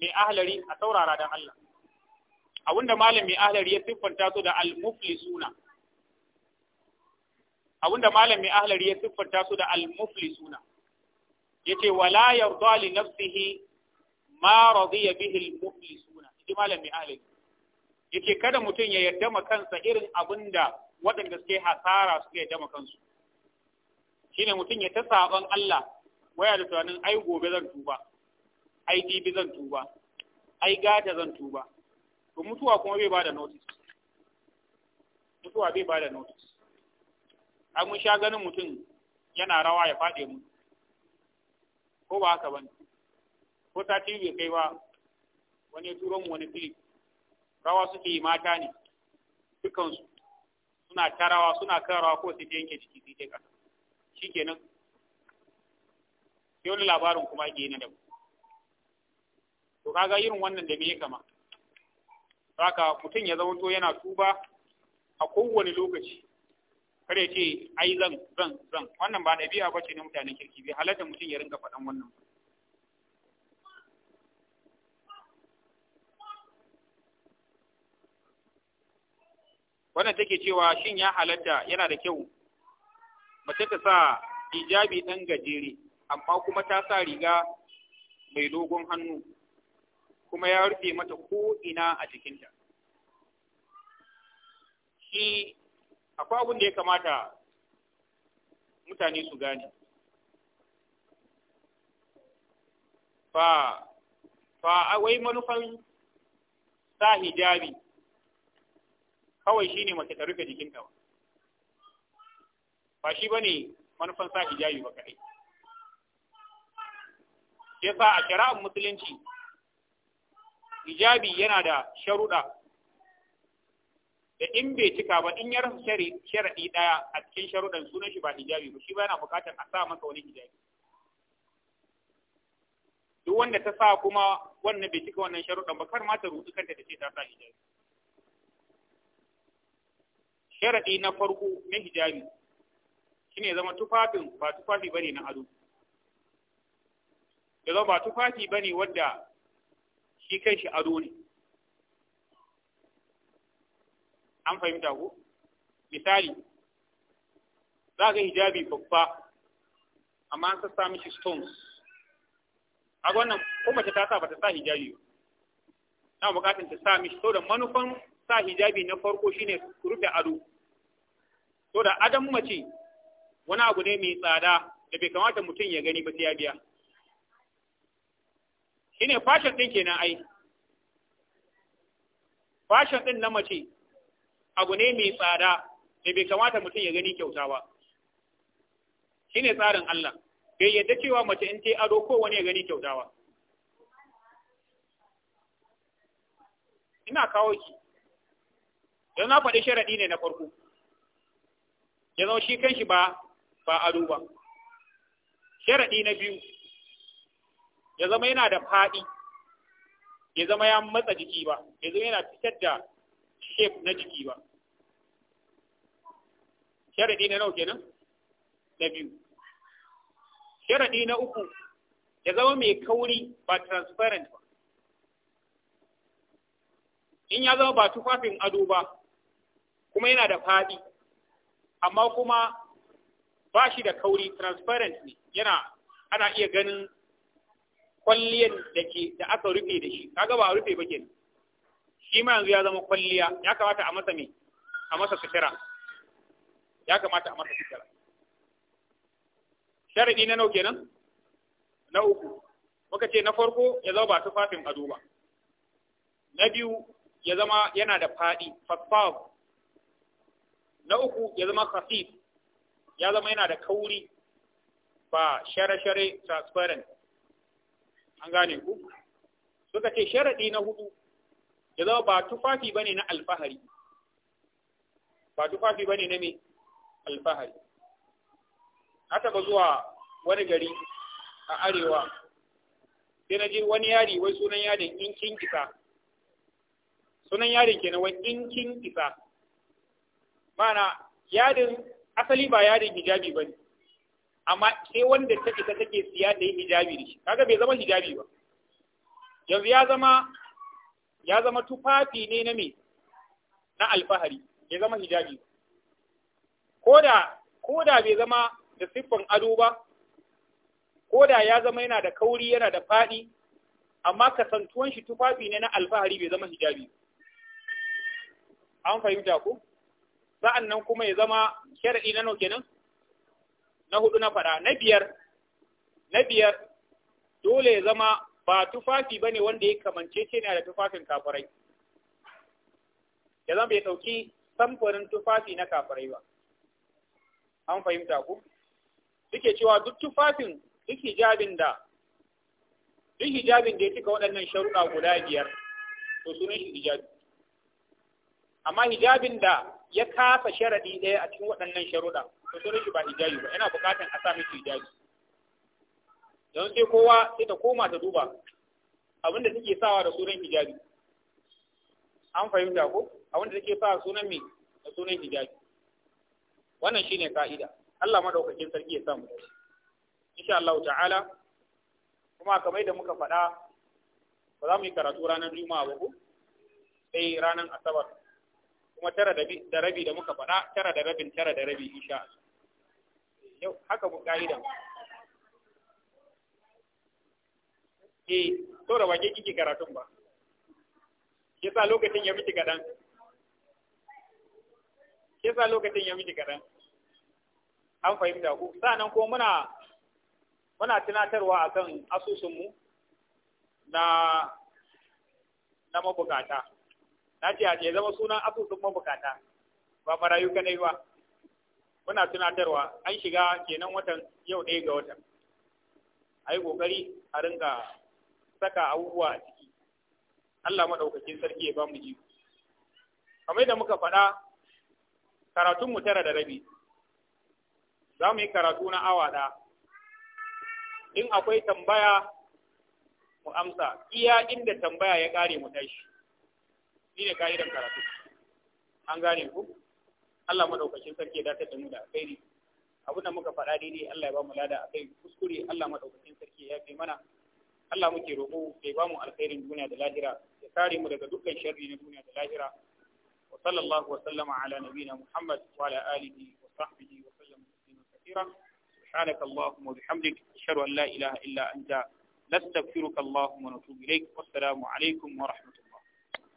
mai ahlari a saurara dan Allah abinda malam mai ahlari ya siffanta su da al-muflisuna abinda malam mai ahlari ya siffanta su da al-muflisuna yace wala yarda li nafsihi ma radiya bihi al-muflisuna ji malam mai ahli yake kada mutum ya yarda ma kansa irin abinda waɗanda suke hasara suke yarda ma kansu shine mutum ya ta saban Allah waya da tunanin ai gobe zan tuba ai dibi zan tuba ai gata zan tuba to mutuwa kuma bai bada notice mutuwa bai bada notice ai mun sha ganin mutum yana rawa ya faɗe mu ko ba haka bane ko sati bai kai ba wani ya turo wani filip rawa suke yi mata ne dukansu suna tarawa suna karawa ko su yanke ciki su yi kasa shikenan sai wani labarin kuma ake na dabu to kaga irin wannan da me ya kama haka mutum ya zama to yana tuba a kowane lokaci kare ya ce ai zan zan zan wannan ba ɗabi'a ba ce na mutanen kirki bai halatta mutum ya ringa faɗan wannan ba wannan take cewa shin ya halatta yana da kyau mace ta sa hijabi ɗan gajere amma kuma ta sa riga mai dogon hannu kuma ya rufe mata ko ina a jikinta shi akwai abin da ya kamata mutane su gane fa fa wai manufan sa hijabi kawai shi ne mace ta rufe jikinta ba ba shi manufan sa hijabi ba kadai Ya sa a shari'ar musulunci hijabi yana da sharuɗa da in bai cika ba in yi rasa sharaɗi ɗaya a cikin sharuɗan sunan shi ba hijabi ba shi ba yana buƙatar a sa masa wani hijabi duk wanda ta sa kuma wannan bai cika wannan sharuɗan ba kar ma ta rutu kanta da ce ta sa hijabi sharaɗi na farko na hijabi shine zama tufafin ba tufafi bane na ado ya zama ba tufafi bane wadda shi kai shi ado ne an fahimta ko misali za ga hijabi babba amma an sassa mishi stones a wannan kuma mace ta sa ba ta sa hijabi ba na bukatun ta sa mishi so da manufan sa hijabi na farko shine rufe ado to da adam mace wani abu ne mai tsada da bai kamata mutum ya gani ba sai ya biya shine fashion din kenan ai fashion din na mace abu ne mai tsada da bai kamata mutum ya gani kyauta ba shine tsarin Allah bai yadda cewa mace in ta ado ko wani ya gani kyautawa ina kawo ki don na faɗi sharaɗi ne na farko ya zama shi kanshi ba ba ado ba sharaɗi na biyu ya zama yana da faɗi ya zama ya matsa jiki ba ya zama yana fitar da shape na jiki ba sharaɗi na nau kenan na biyu sharaɗi na uku ya zama mai kauri ba transparent ba in ya zama ba tufafin ado ba kuma yana da faɗi amma kuma ba shi da kauri transparent ne yana ana iya ganin kwalliyar da ke da aka rufe da shi kaga ba a rufe ba kenan shi ma yanzu ya zama kwalliya ya kamata a masa me a masa sutura ya kamata a masa sutura sharadi na nau kenan na uku muka ce na farko ya zama ba tufafin ado ba na biyu ya zama yana da faɗi fasfawar. na uku ya zama khafif ya zama yana da kauri ba share-share transparent an gane ku suka ce sharaɗi na hudu ya zama ba tufafi bane na alfahari ba tufafi bane na me alfahari haka ba zuwa wani gari a arewa sai na ji wani yari wai sunan yarin inkin kisa. sunan yarin kenan wai inkin kisa mana yadin asali ba yadin hijabi ba ne amma sai wanda ta isa take siya da yi hijabi da shi kaga bai zama hijabi ba yanzu ya zama ya zama tufafi ne na me na alfahari ya zama hijabi koda koda bai zama da siffan ado ba koda ya zama yana da kauri yana da faɗi amma kasantuwan shi tufafi ne na alfahari bai zama hijabi an fahimta ko sa'an nan kuma ya zama shari'i na nan? na hudu na fara, na biyar na biyar dole ya zama ba tufafi ba ne wanda ya kamance ce da tufafin kafarai. ya zama bai ɗauki samfurin tufafi na kafarai ba an fahimta ku suke cewa duk tufafin duk hijabin da duk hijabin da ya cika waɗannan sharuɗa guda biyar to sunan shi hijabi amma hijabin da ya kasa sharadi ɗaya a cikin waɗannan sharuɗa to sai shi ba hijabi ba yana buƙatar a sa mishi hijabi don sai kowa sai ta koma ta duba abin da take sawa da sunan hijabi an fahimta ko abin da take sawa sunan me da sunan hijabi wannan shine ka'ida Allah madaukakin sarki ya samu insha Allah ta'ala kuma kamar da muka faɗa ba za mu yi karatu ranar juma'a ba ko sai ranar asabar kuma tara da rabi da muka faɗa tara da rabin tara da rabi insha yau haka mu ka'ida eh to da wake kike karatun ba yasa lokacin ya miki kadan yasa lokacin ya miki kadan an fahimta ku sanan ko muna muna tunatarwa akan asusun mu na na mabukata na ce a ce zama sunan asusun mabukata ba marayu kadai ba muna tunatarwa an shiga kenan watan yau ɗaya ga watan a yi ƙoƙari a rinka saka abubuwa a ciki Allah maɗaukakin sarki ya ba mu ji kamar da muka faɗa karatun mu tara da rabi za mu yi karatu na awa ɗa in akwai tambaya mu amsa iya inda tambaya ya ƙare mu tashi shi ne ka'idan karatu an gane ku Allah madaukakin sarki ya dace da mu da kai abin da muka faɗa daidai Allah ya ba mu lada akai kuskure Allah madaukakin sarki ya fi mana Allah muke roƙo ya ba mu alkhairin duniya da lahira ya kare mu daga dukkan sharri na duniya da lahira wa sallallahu wa sallama ala nabiyina Muhammad wa ala alihi wa sahbihi wa sallam taslima kathira subhanaka allahumma wa bihamdik ashhadu an la ilaha illa anta nastaghfiruka allahumma wa natubu ilaik wassalamu alaikum wa rahmatullahi